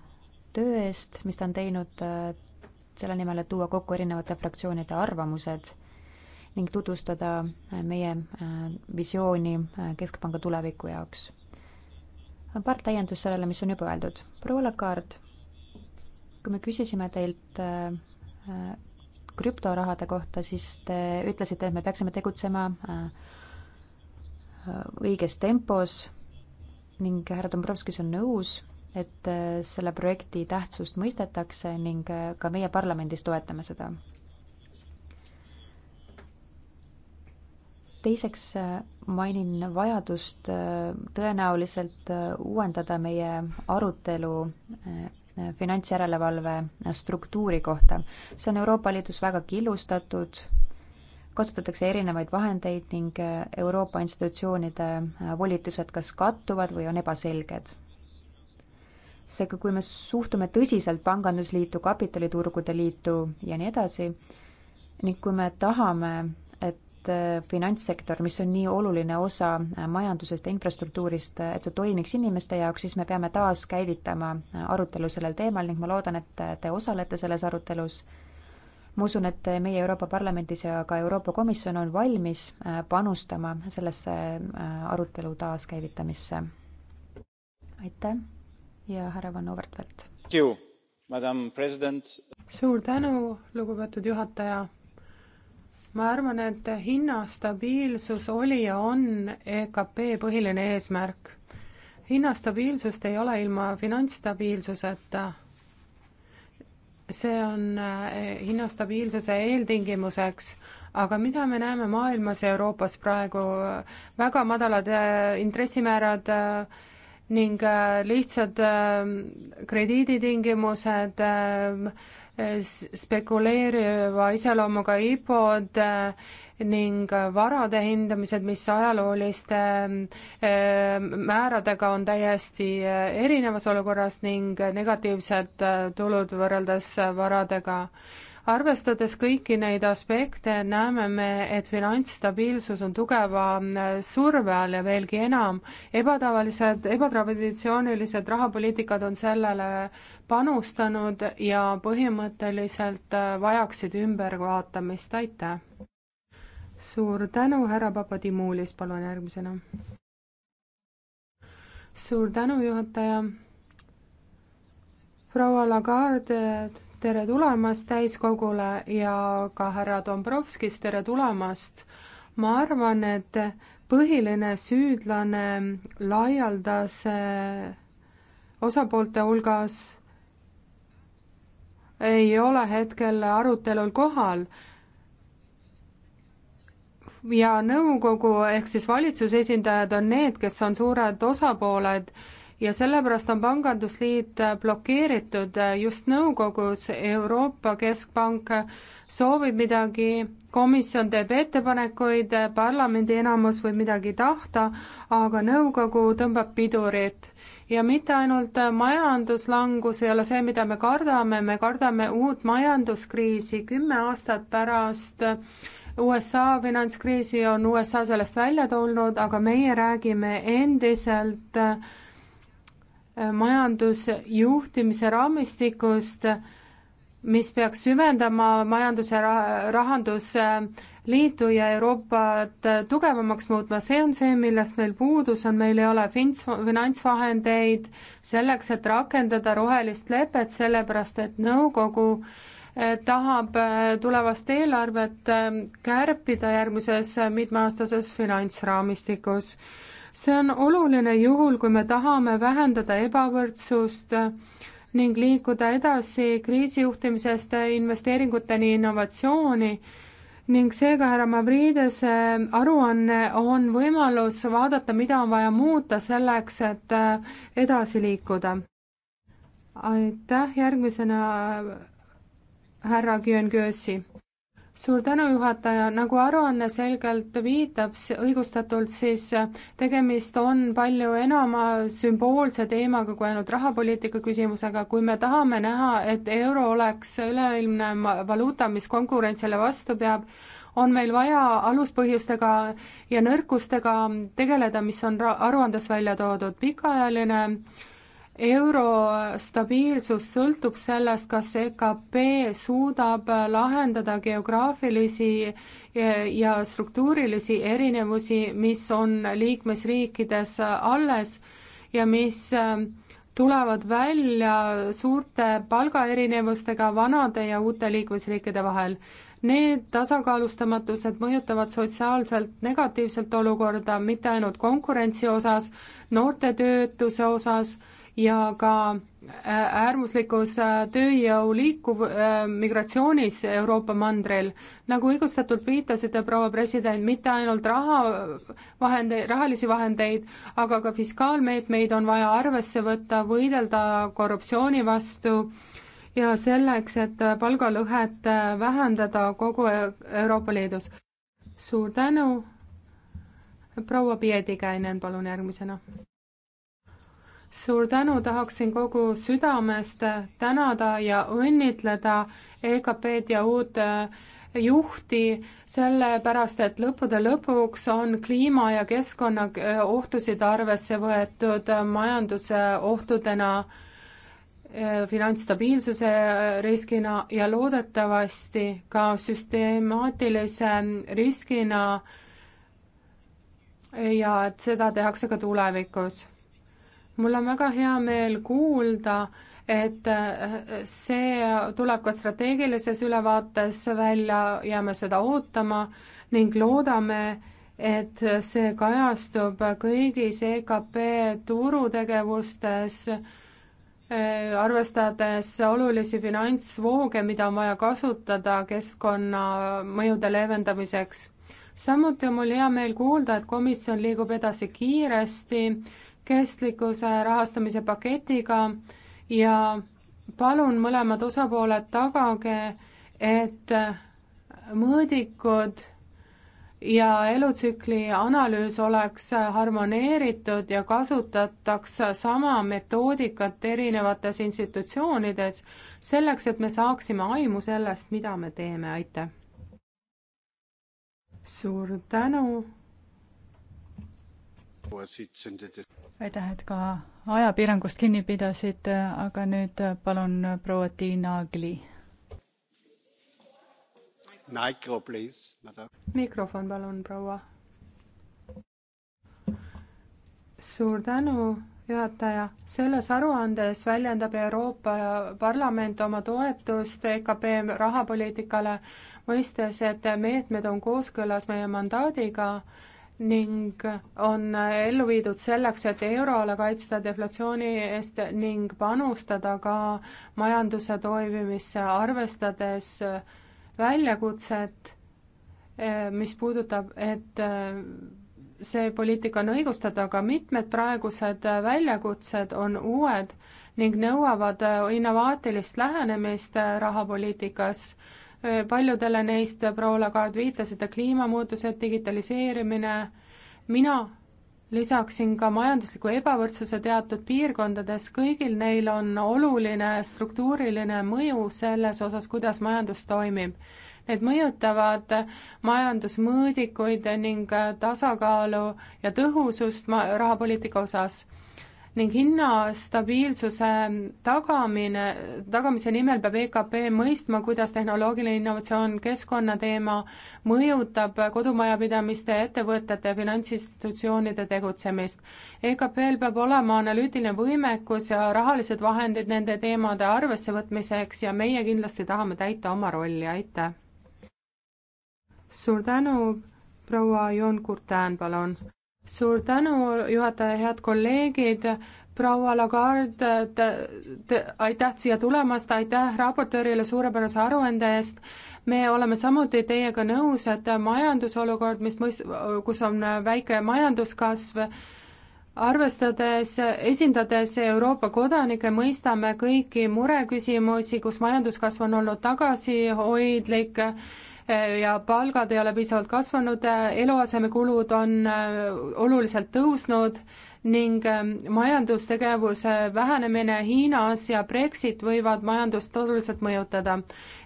töö eest, mis ta on teinud äh, selle nimel, et tuua kokku erinevate fraktsioonide arvamused ning tutvustada äh, meie äh, visiooni äh, Keskpanga tuleviku jaoks. paar täiendust sellele, mis on juba öeldud. proua Lakaard, kui me küsisime teilt krüptorahade kohta, siis te ütlesite, et me peaksime tegutsema õiges tempos ning härra Dombrovskis on nõus, et selle projekti tähtsust mõistetakse ning ka meie parlamendis toetame seda teiseks äh, mainin vajadust äh, tõenäoliselt äh, uuendada meie arutelu finantsjärelevalve struktuuri kohta. see on Euroopa Liidus väga killustatud, kasutatakse erinevaid vahendeid ning Euroopa institutsioonide volitused kas kattuvad või on ebaselged. seega, kui me suhtume tõsiselt Pangandusliitu, Kapitaliturgude Liitu ja nii edasi, ning kui me tahame et äh, finantssektor, mis on nii oluline osa äh, majandusest ja infrastruktuurist, äh, et see toimiks inimeste jaoks, siis me peame taaskäivitama arutelu sellel teemal ning ma loodan, et te osalete selles arutelus. ma usun, et meie Euroopa Parlamendis ja ka Euroopa Komisjon on valmis panustama sellesse arutelu taaskäivitamisse. aitäh ja härra Van Overtvelt! suur tänu, lugupeetud juhataja ma arvan, et hinnastabiilsus oli ja on EKP põhiline eesmärk. hinnastabiilsust ei ole ilma finantsstabiilsuseta. see on eh, hinnastabiilsuse eeltingimuseks aga mida me näeme maailmas ja Euroopas praegu, väga madalad eh, intressimäärad eh, ning lihtsad krediiditingimused, spekuleeriva iseloomuga IPO-d äh, ning äh, varade hindamised, mis ajalooliste äh, määradega on täiesti erinevas olukorras ning negatiivsed tulud võrreldes varadega arvestades kõiki neid aspekte, näeme me, et finantsstabiilsus on tugeva äh, surve all ja veelgi enam, ebatavalised, ebatraditsioonilised rahapoliitikad on sellele panustanud ja põhimõtteliselt äh, vajaksid ümbervaatamist, aitäh! suur tänu, härra Papadimulis, palun järgmisena. suur tänu, juhataja. proua Lagarde tere tulemast täiskogule ja ka härra Dombrovskis, tere tulemast. ma arvan, et põhiline süüdlane laialdase eh, osapoolte hulgas ei ole hetkel arutelul kohal ja nõukogu ehk siis valitsuse esindajad on need, kes on suured osapooled ja sellepärast on Pangandusliit blokeeritud äh, just nõukogus, Euroopa Keskpank äh, soovib midagi, komisjon teeb ettepanekuid, äh, parlamendi enamus võib midagi tahta, aga nõukogu tõmbab pidurit. ja mitte ainult majanduslangus ei ole see, mida me kardame, me kardame uut majanduskriisi kümme aastat pärast USA finantskriisi on USA sellest välja tulnud, aga meie räägime endiselt äh, majandusjuhtimise raamistikust, mis peaks süvendama majandus- ja rahandusliitu ja Euroopat tugevamaks muutma, see on see, millest meil puudus on, meil ei ole fins-, finantsvahendeid selleks, et rakendada rohelist lepet, sellepärast et nõukogu eh, tahab eh, tulevast eelarvet eh, kärpida järgmises mitmeaastases finantsraamistikus see on oluline juhul, kui me tahame vähendada ebavõrdsust ning liikuda edasi kriisijuhtimisest investeeringuteni innovatsiooni ning seega härra Mavridese aruanne on võimalus vaadata, mida on vaja muuta selleks, et edasi liikuda. aitäh, järgmisena härra Gyön Gösi suur tänu, juhataja, nagu aruanne selgelt viitab, õigustatult siis äh, tegemist on palju enama sümboolse teemaga kui ainult rahapoliitika küsimusega, kui me tahame näha, et euro oleks üleilmne valuuta, mis konkurentsile vastu peab, on meil vaja aluspõhjustega ja nõrkustega tegeleda, mis on aruandes välja toodud, pikaajaline euro stabiilsus sõltub sellest, kas EKP suudab lahendada geograafilisi ja struktuurilisi erinevusi, mis on liikmesriikides alles ja mis äh, tulevad välja suurte palgaerinevustega vanade ja uute liikmesriikide vahel. Need tasakaalustamatused mõjutavad sotsiaalselt negatiivselt olukorda mitte ainult konkurentsi osas, noorte töötuse osas ja ka äh, äärmuslikus äh, tööjõu liikuv äh, migratsioonis Euroopa mandril. nagu õigustatult viitasite, proua president, mitte ainult raha vahendeid, rahalisi vahendeid, aga ka fiskaalmeetmeid on vaja arvesse võtta, võidelda korruptsiooni vastu ja selleks, et palgalõhet vähendada kogu e-, Euroopa Liidus. suur tänu, proua Pietikäinen, palun järgmisena suur tänu, tahaksin kogu südamest tänada ja õnnitleda EKP-d ja uut äh, juhti, sellepärast et lõppude lõpuks on kliima ja keskkonna äh, ohtusid arvesse võetud äh, majanduse ohtudena, finantsstabiilsuse riskina ja loodetavasti ka süstemaatilise riskina ja et seda tehakse ka tulevikus mul on väga hea meel kuulda, et äh, see tuleb ka strateegilises ülevaates välja, jääme seda ootama ning loodame, et see kajastub kõigis EKP turutegevustes, äh, arvestades olulisi finantsvooge, mida on vaja kasutada keskkonnamõjude leevendamiseks. samuti on mul hea meel kuulda, et komisjon liigub edasi kiiresti kestlikkuse rahastamise paketiga ja palun mõlemad osapooled tagage, et mõõdikud ja elutsükli analüüs oleks harmoneeritud ja kasutataks sama metoodikat erinevates institutsioonides, selleks et me saaksime aimu sellest, mida me teeme, aitäh! suur tänu! aitäh, et ka ajapiirangust kinni pidasid, aga nüüd palun proua Tiina Agli. mikrofon palun, proua. suur tänu, juhataja. selles aruandes väljendab Euroopa Parlament oma toetust EKP rahapoliitikale, mõistes, et meetmed on kooskõlas meie mandaadiga ning on ellu viidud selleks, et euroala kaitsta deflatsiooni eest ning panustada ka majanduse toimimisse, arvestades väljakutset, eh, mis puudutab, et eh, see poliitika on õigustatud, aga mitmed praegused väljakutsed on uued ning nõuavad innovaatilist lähenemist eh, rahapoliitikas paljudele neist, proua Lagarde, viitasite kliimamuutused, digitaliseerimine, mina lisaksin ka majandusliku ebavõrdsuse teatud piirkondades, kõigil neil on oluline struktuuriline mõju selles osas, kuidas majandus toimib. Need mõjutavad majandusmõõdikuid ning tasakaalu ja tõhusust ma-, rahapoliitika osas ning hinnastabiilsuse tagamine, tagamise nimel peab EKP mõistma, kuidas tehnoloogiline innovatsioon keskkonnateema mõjutab kodumajapidamiste, ettevõtete ja finantsinstitutsioonide tegutsemist. EKP-l peab olema analüütiline võimekus ja rahalised vahendid nende teemade arvessevõtmiseks ja meie kindlasti tahame täita oma rolli, aitäh! suur tänu, proua Joon Kurtään, palun! suur tänu, juhataja, head kolleegid, proua Lagarde, aitäh siia tulemast, aitäh raportöörile suurepärase aruande eest, me oleme samuti teiega nõus, et majandusolukord, mis mõis-, kus on väike majanduskasv, arvestades, esindades Euroopa kodanikke, mõistame kõiki mureküsimusi, kus majanduskasv on olnud tagasihoidlik, ja palgad ei ole piisavalt kasvanud, eluasemekulud on äh, oluliselt tõusnud ning ähm, majandustegevuse vähenemine Hiinas ja Brexit võivad majandust oluliselt mõjutada.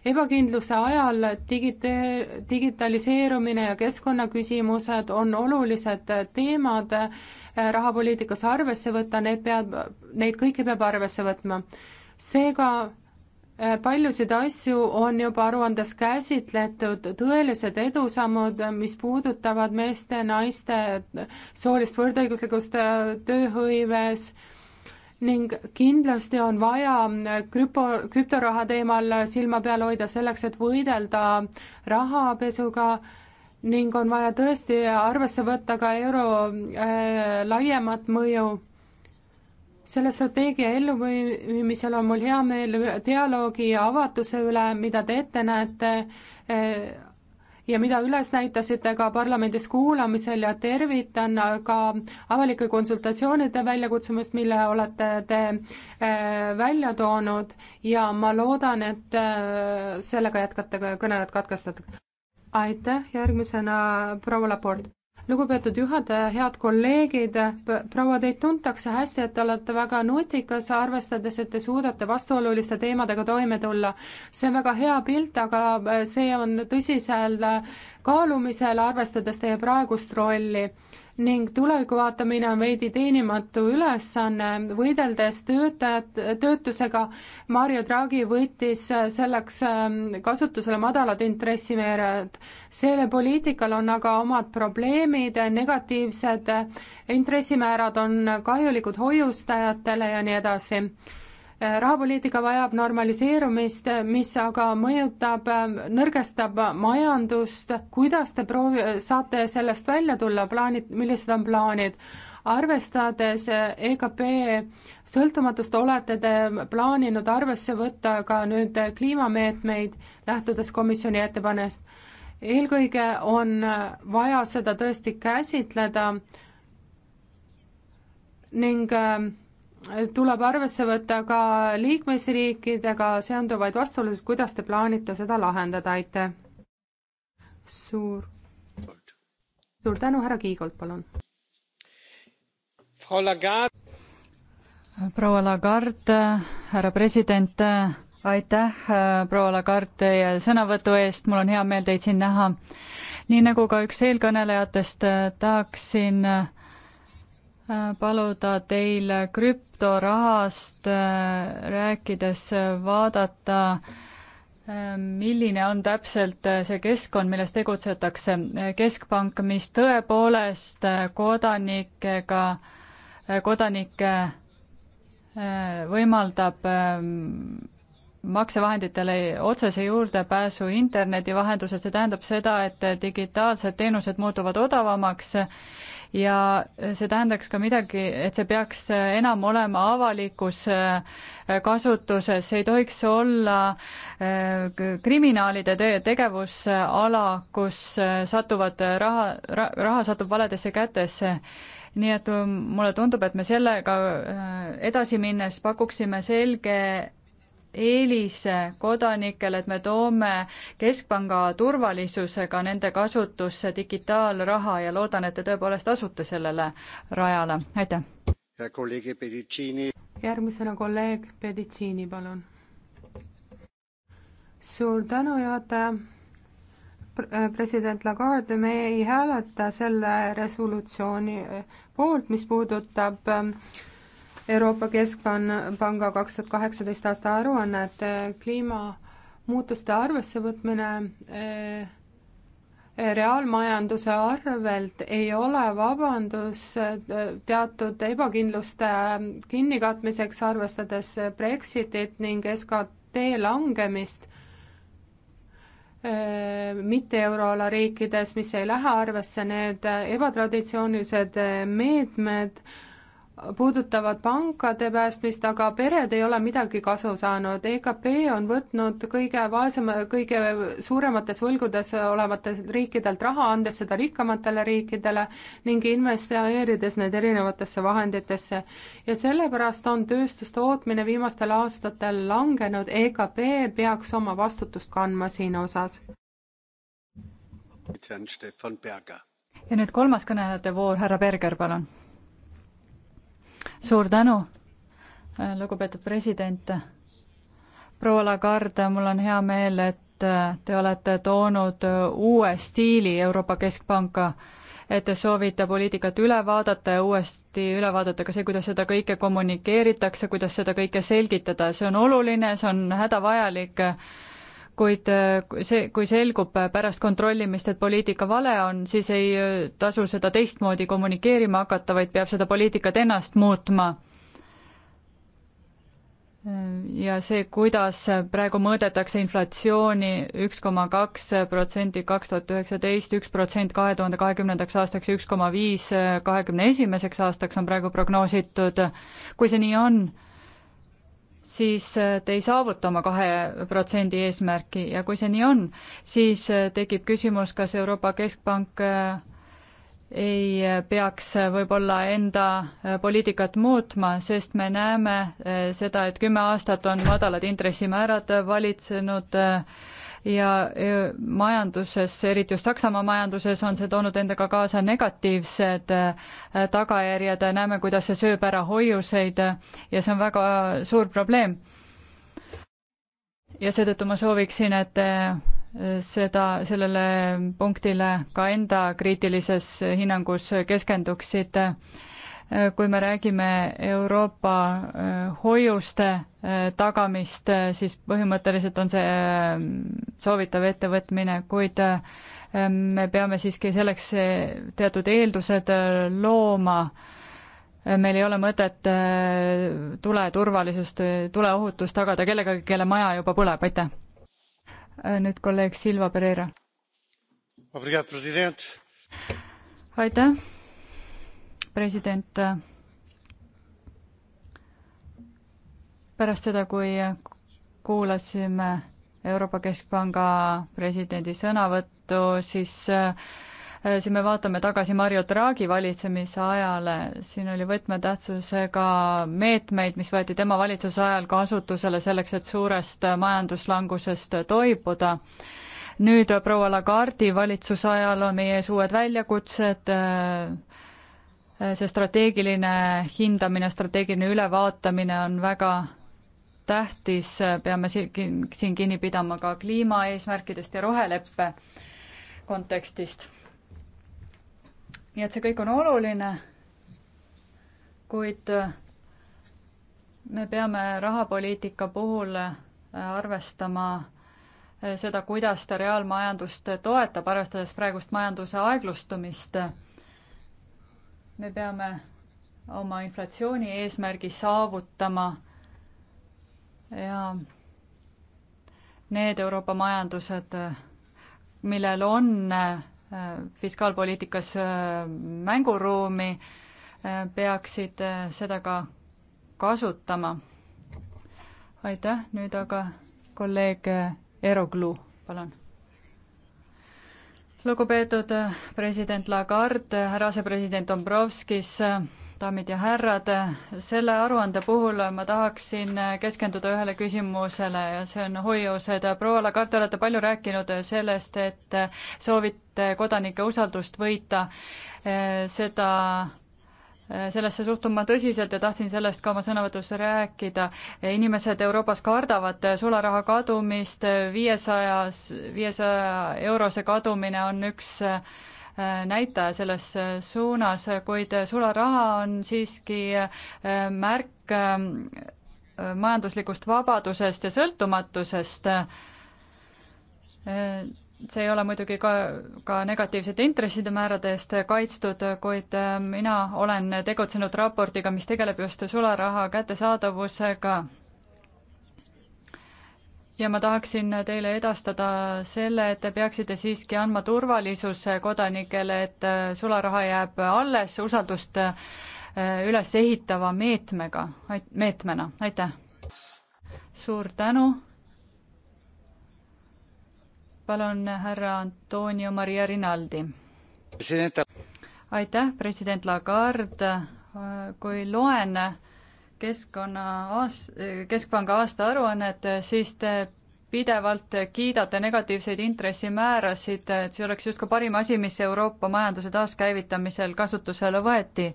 ebakindluse ajal digite-, digitaliseerumine ja keskkonnaküsimused on olulised teemad äh, rahapoliitikas arvesse võtta, need peab, neid kõiki peab arvesse võtma. seega Äh, paljusid asju on juba aruandes käsitletud, tõelised edusammud, äh, mis puudutavad meeste, naiste soolist võrdõiguslikkust äh, tööhõives ning kindlasti on vaja krüpo, krüptoraha teemal silma peal hoida selleks, et võidelda rahapesuga ning on vaja tõesti arvesse võtta ka euro äh, laiemat mõju selle strateegia elluviimisel on mul hea meel dialoogi ja avatuse üle, mida te ette näete eh, ja mida üles näitasite ka parlamendis kuulamisel ja tervitan ka avalike konsultatsioonide väljakutsumist, mille olete te eh, välja toonud ja ma loodan, et eh, sellega jätkate, kõnelejad katkestate. aitäh, järgmisena proua Laport lugupeetud juhataja, head kolleegid, proua, teid tuntakse hästi, et te olete väga nutikas, arvestades, et te suudate vastuoluliste teemadega toime tulla. see on väga hea pilt, aga eh, see on tõsisel eh, kaalumisel, arvestades teie praegust rolli ning tuleviku vaatamine on veidi teenimatu ülesanne, võideldes töötajad, töötusega. Mario Draghi võttis selleks ähm, kasutusele madalad intressimäärad. sellel poliitikal on aga omad probleemid, negatiivsed intressimäärad on kahjulikud hoiustajatele ja nii edasi rahapoliitika vajab normaliseerumist, mis aga mõjutab, nõrgestab majandust, kuidas te proovi-, saate sellest välja tulla, plaanid, millised on plaanid? arvestades EKP sõltumatust, olete te plaaninud arvesse võtta ka nüüd kliimameetmeid, lähtudes komisjoni ettepanest? eelkõige on vaja seda tõesti käsitleda ning tuleb arvesse võtta ka liikmesriikidega seonduvaid vastuolusid, kuidas te plaanite seda lahendada, aitäh! suur, suur tänu, härra Kiigolt, palun! proua Lagarde, härra president, aitäh, proua Lagarde, teie sõnavõtu eest, mul on hea meel teid siin näha. nii nagu ka üks eelkõnelejatest, tahaksin äh, paluda teil krüptorahast äh, rääkides vaadata, äh, milline on täpselt äh, see keskkond, milles tegutsetakse. keskpank, mis tõepoolest kodanikega, kodanike võimaldab ähm, maksevahenditele otsese juurdepääsu interneti vahendusel, see tähendab seda, et digitaalsed teenused muutuvad odavamaks ja see tähendaks ka midagi, et see peaks enam olema avalikus äh, kasutuses, ei tohiks olla äh, kriminaalide te tegevusala, kus äh, satuvad raha ra,, raha satub valedesse kätesse nii et mulle tundub, et me sellega edasi minnes pakuksime selge eelise kodanikele, et me toome Keskpanga turvalisusega nende kasutusse digitaalraha ja loodan, et te tõepoolest asute sellele rajale, aitäh! järgmisena kolleeg Pedicini, palun. suur tänu, juhataja äh, president Lagarde, me ei hääleta selle resolutsiooni poolt, mis puudutab äh, Euroopa Keskpanga kaks tuhat kaheksateist aasta aruannet, eh, kliimamuutuste arvessevõtmine eh, eh, reaalmajanduse arvelt ei ole vabandus teatud ebakindluste kinnikatmiseks, arvestades Brexitit ning SKT langemist mitte euroala riikides, mis ei lähe arvesse, need ebatraditsioonilised meetmed puudutavad pankade päästmist, aga pered ei ole midagi kasu saanud. EKP on võtnud kõige vaesema, kõige suuremates võlgudes olevatelt riikidelt raha, andes seda rikkamatele riikidele ning investeerides need erinevatesse vahenditesse. ja sellepärast on tööstustootmine viimastel aastatel langenud, EKP peaks oma vastutust kandma siin osas. ja nüüd kolmas kõnelejate voor, härra Berger, palun suur tänu, äh, lugupeetud president. proua Lagarde, mul on hea meel, et äh, te olete toonud äh, uue stiili Euroopa Keskpanka, et te soovite poliitikat üle vaadata ja uuesti üle vaadata ka see, kuidas seda kõike kommunikeeritakse, kuidas seda kõike selgitada, see on oluline, see on hädavajalik kuid äh, see, kui selgub pärast kontrollimist, et poliitika vale on, siis ei äh, tasu seda teistmoodi kommunikeerima hakata, vaid peab seda poliitikat ennast muutma. ja see, kuidas praegu mõõdetakse inflatsiooni üks koma kaks protsenti kaks tuhat üheksateist, üks protsent kahe tuhande kahekümnendaks aastaks, üks koma viis kahekümne esimeseks aastaks on praegu prognoositud, kui see nii on, siis äh, te ei saavuta oma kahe protsendi eesmärki ja kui see nii on, siis äh, tekib küsimus, kas Euroopa Keskpank äh, ei peaks võib-olla enda poliitikat muutma, sest me näeme seda, et kümme aastat on madalad intressimäärad valitsenud äh, ja majanduses, eriti just Saksamaa majanduses, on see toonud endaga kaasa negatiivsed äh, tagajärjed, näeme, kuidas see sööb ära hoiuseid ja see on väga suur probleem. ja seetõttu ma sooviksin, et te äh, seda, sellele punktile ka enda kriitilises hinnangus keskenduksite Eh, kui me räägime Euroopa eh, hoiuste eh, tagamist, siis põhimõtteliselt on see soovitav ettevõtmine, kuid me peame siiski selleks teatud eeldused looma. meil ei ole mõtet tuleturvalisust, tuleohutust tagada kellegagi, kelle maja juba põleb, aitäh. nüüd kolleeg Silva Pereira. aitäh president. pärast seda, kui kuulasime Euroopa Keskpanga presidendi sõnavõttu, siis eh, siin me vaatame tagasi Mario Draghi valitsemise ajale, siin oli võtmetähtsusega meetmeid, mis võeti tema valitsuse ajal kasutusele selleks, et suurest majanduslangusest toibuda. nüüd proua Lagardi valitsuse ajal on meie ees uued väljakutsed äh,, Äh, see strateegiline hindamine, strateegiline ülevaatamine on väga tähtis, äh, peame siin kinni pidama ka kliimaeesmärkidest ja roheleppe kontekstist. nii et see kõik on oluline, kuid äh, me peame rahapoliitika puhul arvestama seda, kuidas ta reaalmajandust toetab, arvestades praegust majanduse aeglustumist me peame oma inflatsiooni eesmärgi saavutama ja need Euroopa majandused, millel on äh, fiskaalpoliitikas äh, mänguruumi, äh, peaksid seda ka kasutama. aitäh, nüüd aga kolleeg Ero Glu, palun lugupeetud äh, president Lagarde, härra asepresident Dombrovskis, äh, daamid ja härrad, äh, selle aruande puhul ma tahaksin keskenduda ühele küsimusele ja see on hoiused. proua Lagarde, olete palju rääkinud sellest, et soovite kodanike usaldust võita, seda Äh, sellesse suhtun ma tõsiselt ja tahtsin sellest ka oma sõnavõtus rääkida. inimesed Euroopas kardavad äh, sularaha kadumist, äh, viiesajas, viiesaja eurose kadumine on üks näitaja selles suunas, kuid sularaha on siiski märk majanduslikust vabadusest ja sõltumatusest see ei ole muidugi ka, ka negatiivsete intresside määrade eest kaitstud, kuid äh, mina olen tegutsenud raportiga, mis tegeleb just sularaha kättesaadavusega. ja ma tahaksin teile edastada selle, et te peaksite siiski andma turvalisuse kodanikele, et äh, sularaha jääb alles usaldust äh, üles ehitava meetmega, meetmena, aitäh! suur tänu! palun härra Antonio Maria Rinaldi. aitäh, president Lagarde, kui loen keskkonna aas-, Keskpanga aastaaruannet, siis te pidevalt kiidate negatiivseid intressimäärasid, et see oleks justkui parim asi, mis Euroopa majanduse taaskäivitamisel kasutusele võeti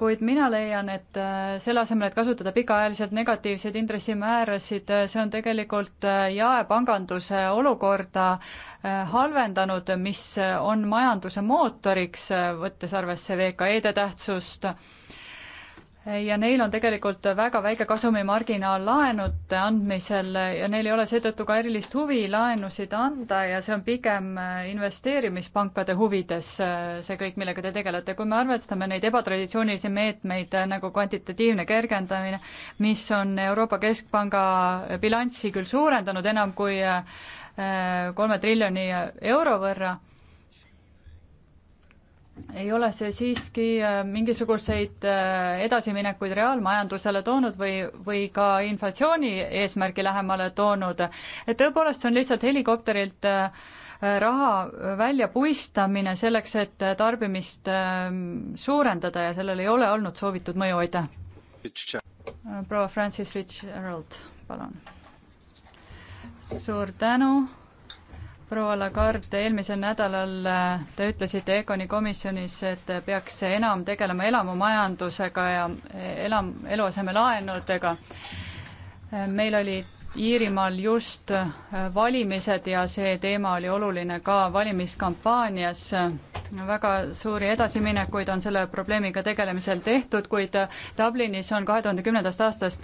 kuid mina leian, et äh, selle asemel, et kasutada pikaajaliselt negatiivseid intressimäärasid, äh, see on tegelikult äh, jaepanganduse olukorda halvendanud, mis on majanduse mootoriks, võttes arvesse VKE-de tähtsust ja neil on tegelikult väga väike kasumimarginaal laenude andmisel ja neil ei ole seetõttu ka erilist huvi laenusid anda ja see on pigem investeerimispankade huvides, äh, see kõik, millega te tegelete. kui me arvestame neid ebatraditsioonilisi meetmeid äh, nagu kvantitatiivne kergendamine, mis on Euroopa Keskpanga bilanssi küll suurendanud enam kui äh, kolme triljoni euro võrra ei ole see siiski äh, mingisuguseid äh, edasiminekuid reaalmajandusele toonud või, või ka inflatsiooni eesmärgi lähemale toonud. et tõepoolest, see on lihtsalt helikopterilt äh, raha väljapuistamine selleks, et tarbimist suurendada ja sellel ei ole olnud soovitud mõju, aitäh. proua Francis Fitzgerald, palun. suur tänu proua Lagarde, eelmisel nädalal äh, te ütlesite EGONi komisjonis, et peaks enam tegelema elamumajandusega ja e, elam, eluasemelaenudega. Äh, meil olid Iirimaal just äh, valimised ja see teema oli oluline ka valimiskampaanias. väga suuri edasiminekuid on selle probleemiga tegelemisel tehtud, kuid Dublinis on kahe tuhande kümnendast aastast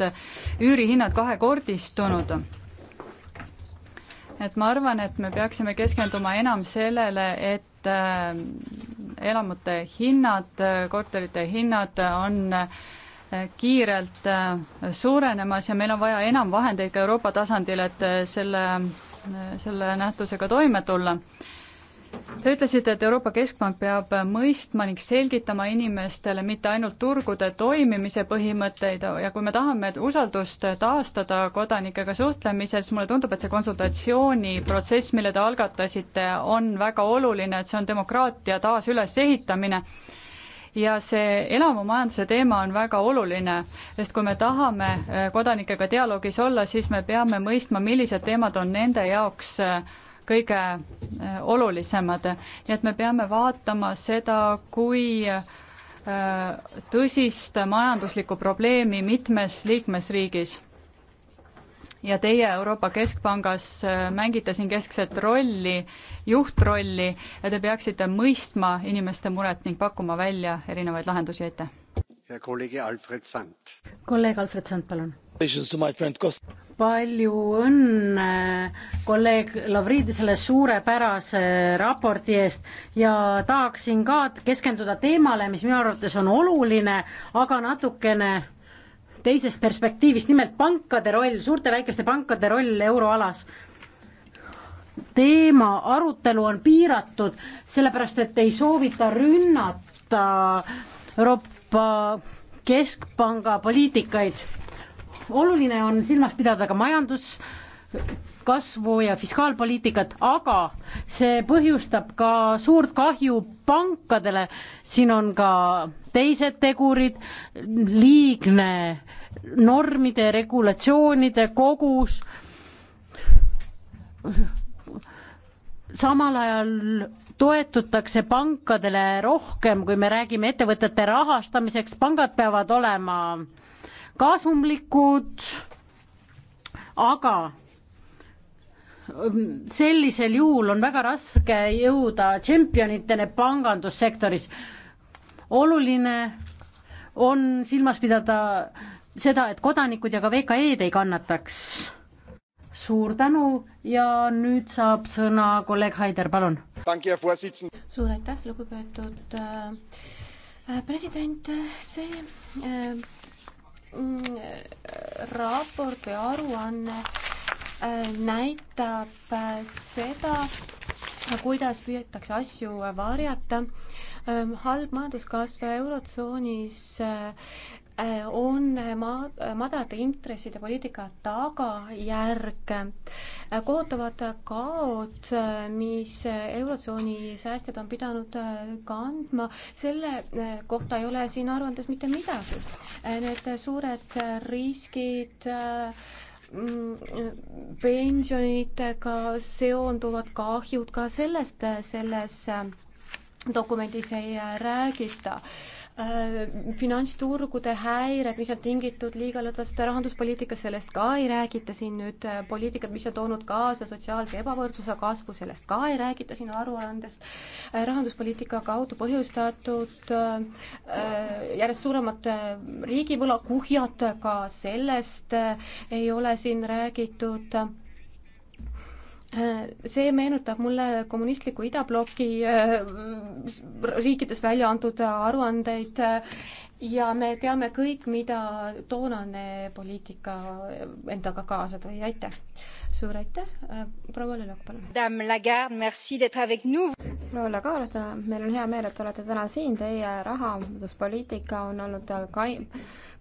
üürihinnad kahekordistunud et ma arvan, et me peaksime keskenduma enam sellele, et äh, elamute hinnad, äh, korterite hinnad on äh, kiirelt suurenemas ja meil on vaja enam vahendeid ka Euroopa tasandil, et selle, selle nähtusega toime tulla Te ütlesite, et Euroopa Keskpank peab mõistma ning selgitama inimestele mitte ainult turgude toimimise põhimõtteid ja kui me tahame usaldust taastada kodanikega suhtlemisel, siis mulle tundub, et see konsultatsiooniprotsess, mille te algatasite, on väga oluline, et see on demokraatia taasülesehitamine ja see elamumajanduse teema on väga oluline, sest kui me tahame eh, kodanikega dialoogis olla, siis me peame mõistma, millised teemad on nende jaoks eh, kõige äh, olulisemad. nii et me peame vaatama seda, kui äh, tõsist majanduslikku probleemi mitmes liikmesriigis. ja teie Euroopa Keskpangas äh, mängite siin keskset rolli, juhtrolli ja te peaksite mõistma inimeste muret ning pakkuma välja erinevaid lahendusi, aitäh! kolleeg Alfred Sant, palun palju õnne kolleeg Lavridisele suurepärase raporti eest ja tahaksin ka keskenduda teemale, mis minu arvates on oluline, aga natukene teisest perspektiivist, nimelt pankade roll, suurte väikeste pankade roll euroalas. teema arutelu on piiratud, sellepärast et ei soovita rünnata Euroopa Keskpanga poliitikaid oluline on silmas pidada ka majanduskasvu ja fiskaalpoliitikat, aga see põhjustab ka suurt kahju pankadele, siin on ka teised tegurid, liigne normide, regulatsioonide kogus, samal ajal toetutakse pankadele rohkem, kui me räägime ettevõtete rahastamiseks, pangad peavad olema äh, kasumlikud, aga mm, sellisel juhul on väga raske jõuda tšempionitele pangandussektoris. oluline on silmas pidada seda, et kodanikud ja ka VKE-d ei kannataks. suur tänu ja nüüd saab sõna kolleeg Haider, palun. suur aitäh, lugupeetud äh, president, see äh, Mm, raport või aruanne äh, näitab äh, seda, kuidas püütakse asju äh, varjata. Ähm, halb majanduskasv Eurotsoonis Äh, on ma-, madalate intresside poliitika tagajärg. Äh, kohutavad kaod, äh, mis Eurotsooni säästjad on pidanud kandma, selle kohta ei ole siin aruandes mitte midagi. Need suured riskid mm, pensionitega seonduvad kahjud, ka sellest selles dokumendis ei räägita Äh, finantsturgude häired, mis on tingitud liiga lõdvast rahanduspoliitikast, sellest ka ei räägita siin nüüd, äh, poliitikad, mis on toonud kaasa sotsiaalse ebavõrdsuse kasvu, sellest ka ei räägita siin aruandest, äh, rahanduspoliitika kaudu põhjustatud järjest suuremad riigivõlakuhjad, ka sellest ei ole siin räägitud Äh, see meenutab mulle kommunistliku idabloki äh, riikides välja antud aruandeid äh, ja me teame kõik, mida toonane poliitika endaga kaasa tõi, aitäh. suur aitäh, proua Lelok, palun. proua Lagarde, meil on hea meel, et olete täna siin, teie rahanduspoliitika on olnud kai-,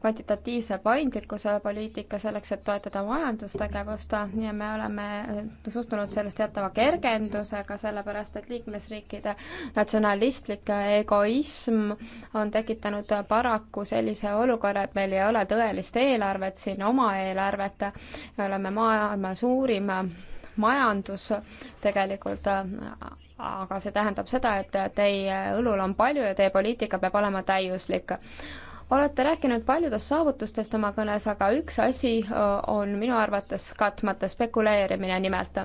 kvantitatiivse paindlikkuse poliitika selleks, et toetada majandustegevust ja me oleme suhtunud sellest teatava kergendusega, sellepärast et liikmesriikide natsionalistlik egoism on tekitanud paraku sellise olukorra, et meil ei ole tõelist eelarvet siin, oma eelarvet, me oleme maailma suurim majandus tegelikult, aga see tähendab seda, et teie õlul on palju ja teie poliitika peab olema täiuslik olete rääkinud paljudest saavutustest oma kõnes, aga üks asi on minu arvates katmata, spekuleerimine nimelt.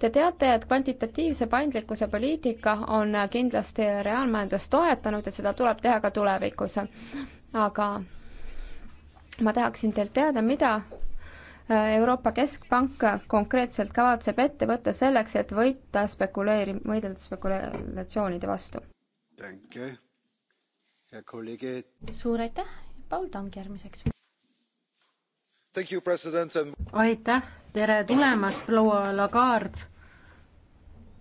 Te teate, et kvantitatiivse paindlikkuse poliitika on kindlasti reaalmajandust toetanud ja seda tuleb teha ka tulevikus. aga ma tahaksin teilt teada, mida Euroopa Keskpank konkreetselt kavatseb ette võtta selleks, et võita spekuleeri-, võidelda spekulatsioonide vastu? suur aitäh, Paul Tang järgmiseks. aitäh, tere tulemast, proua Lagarde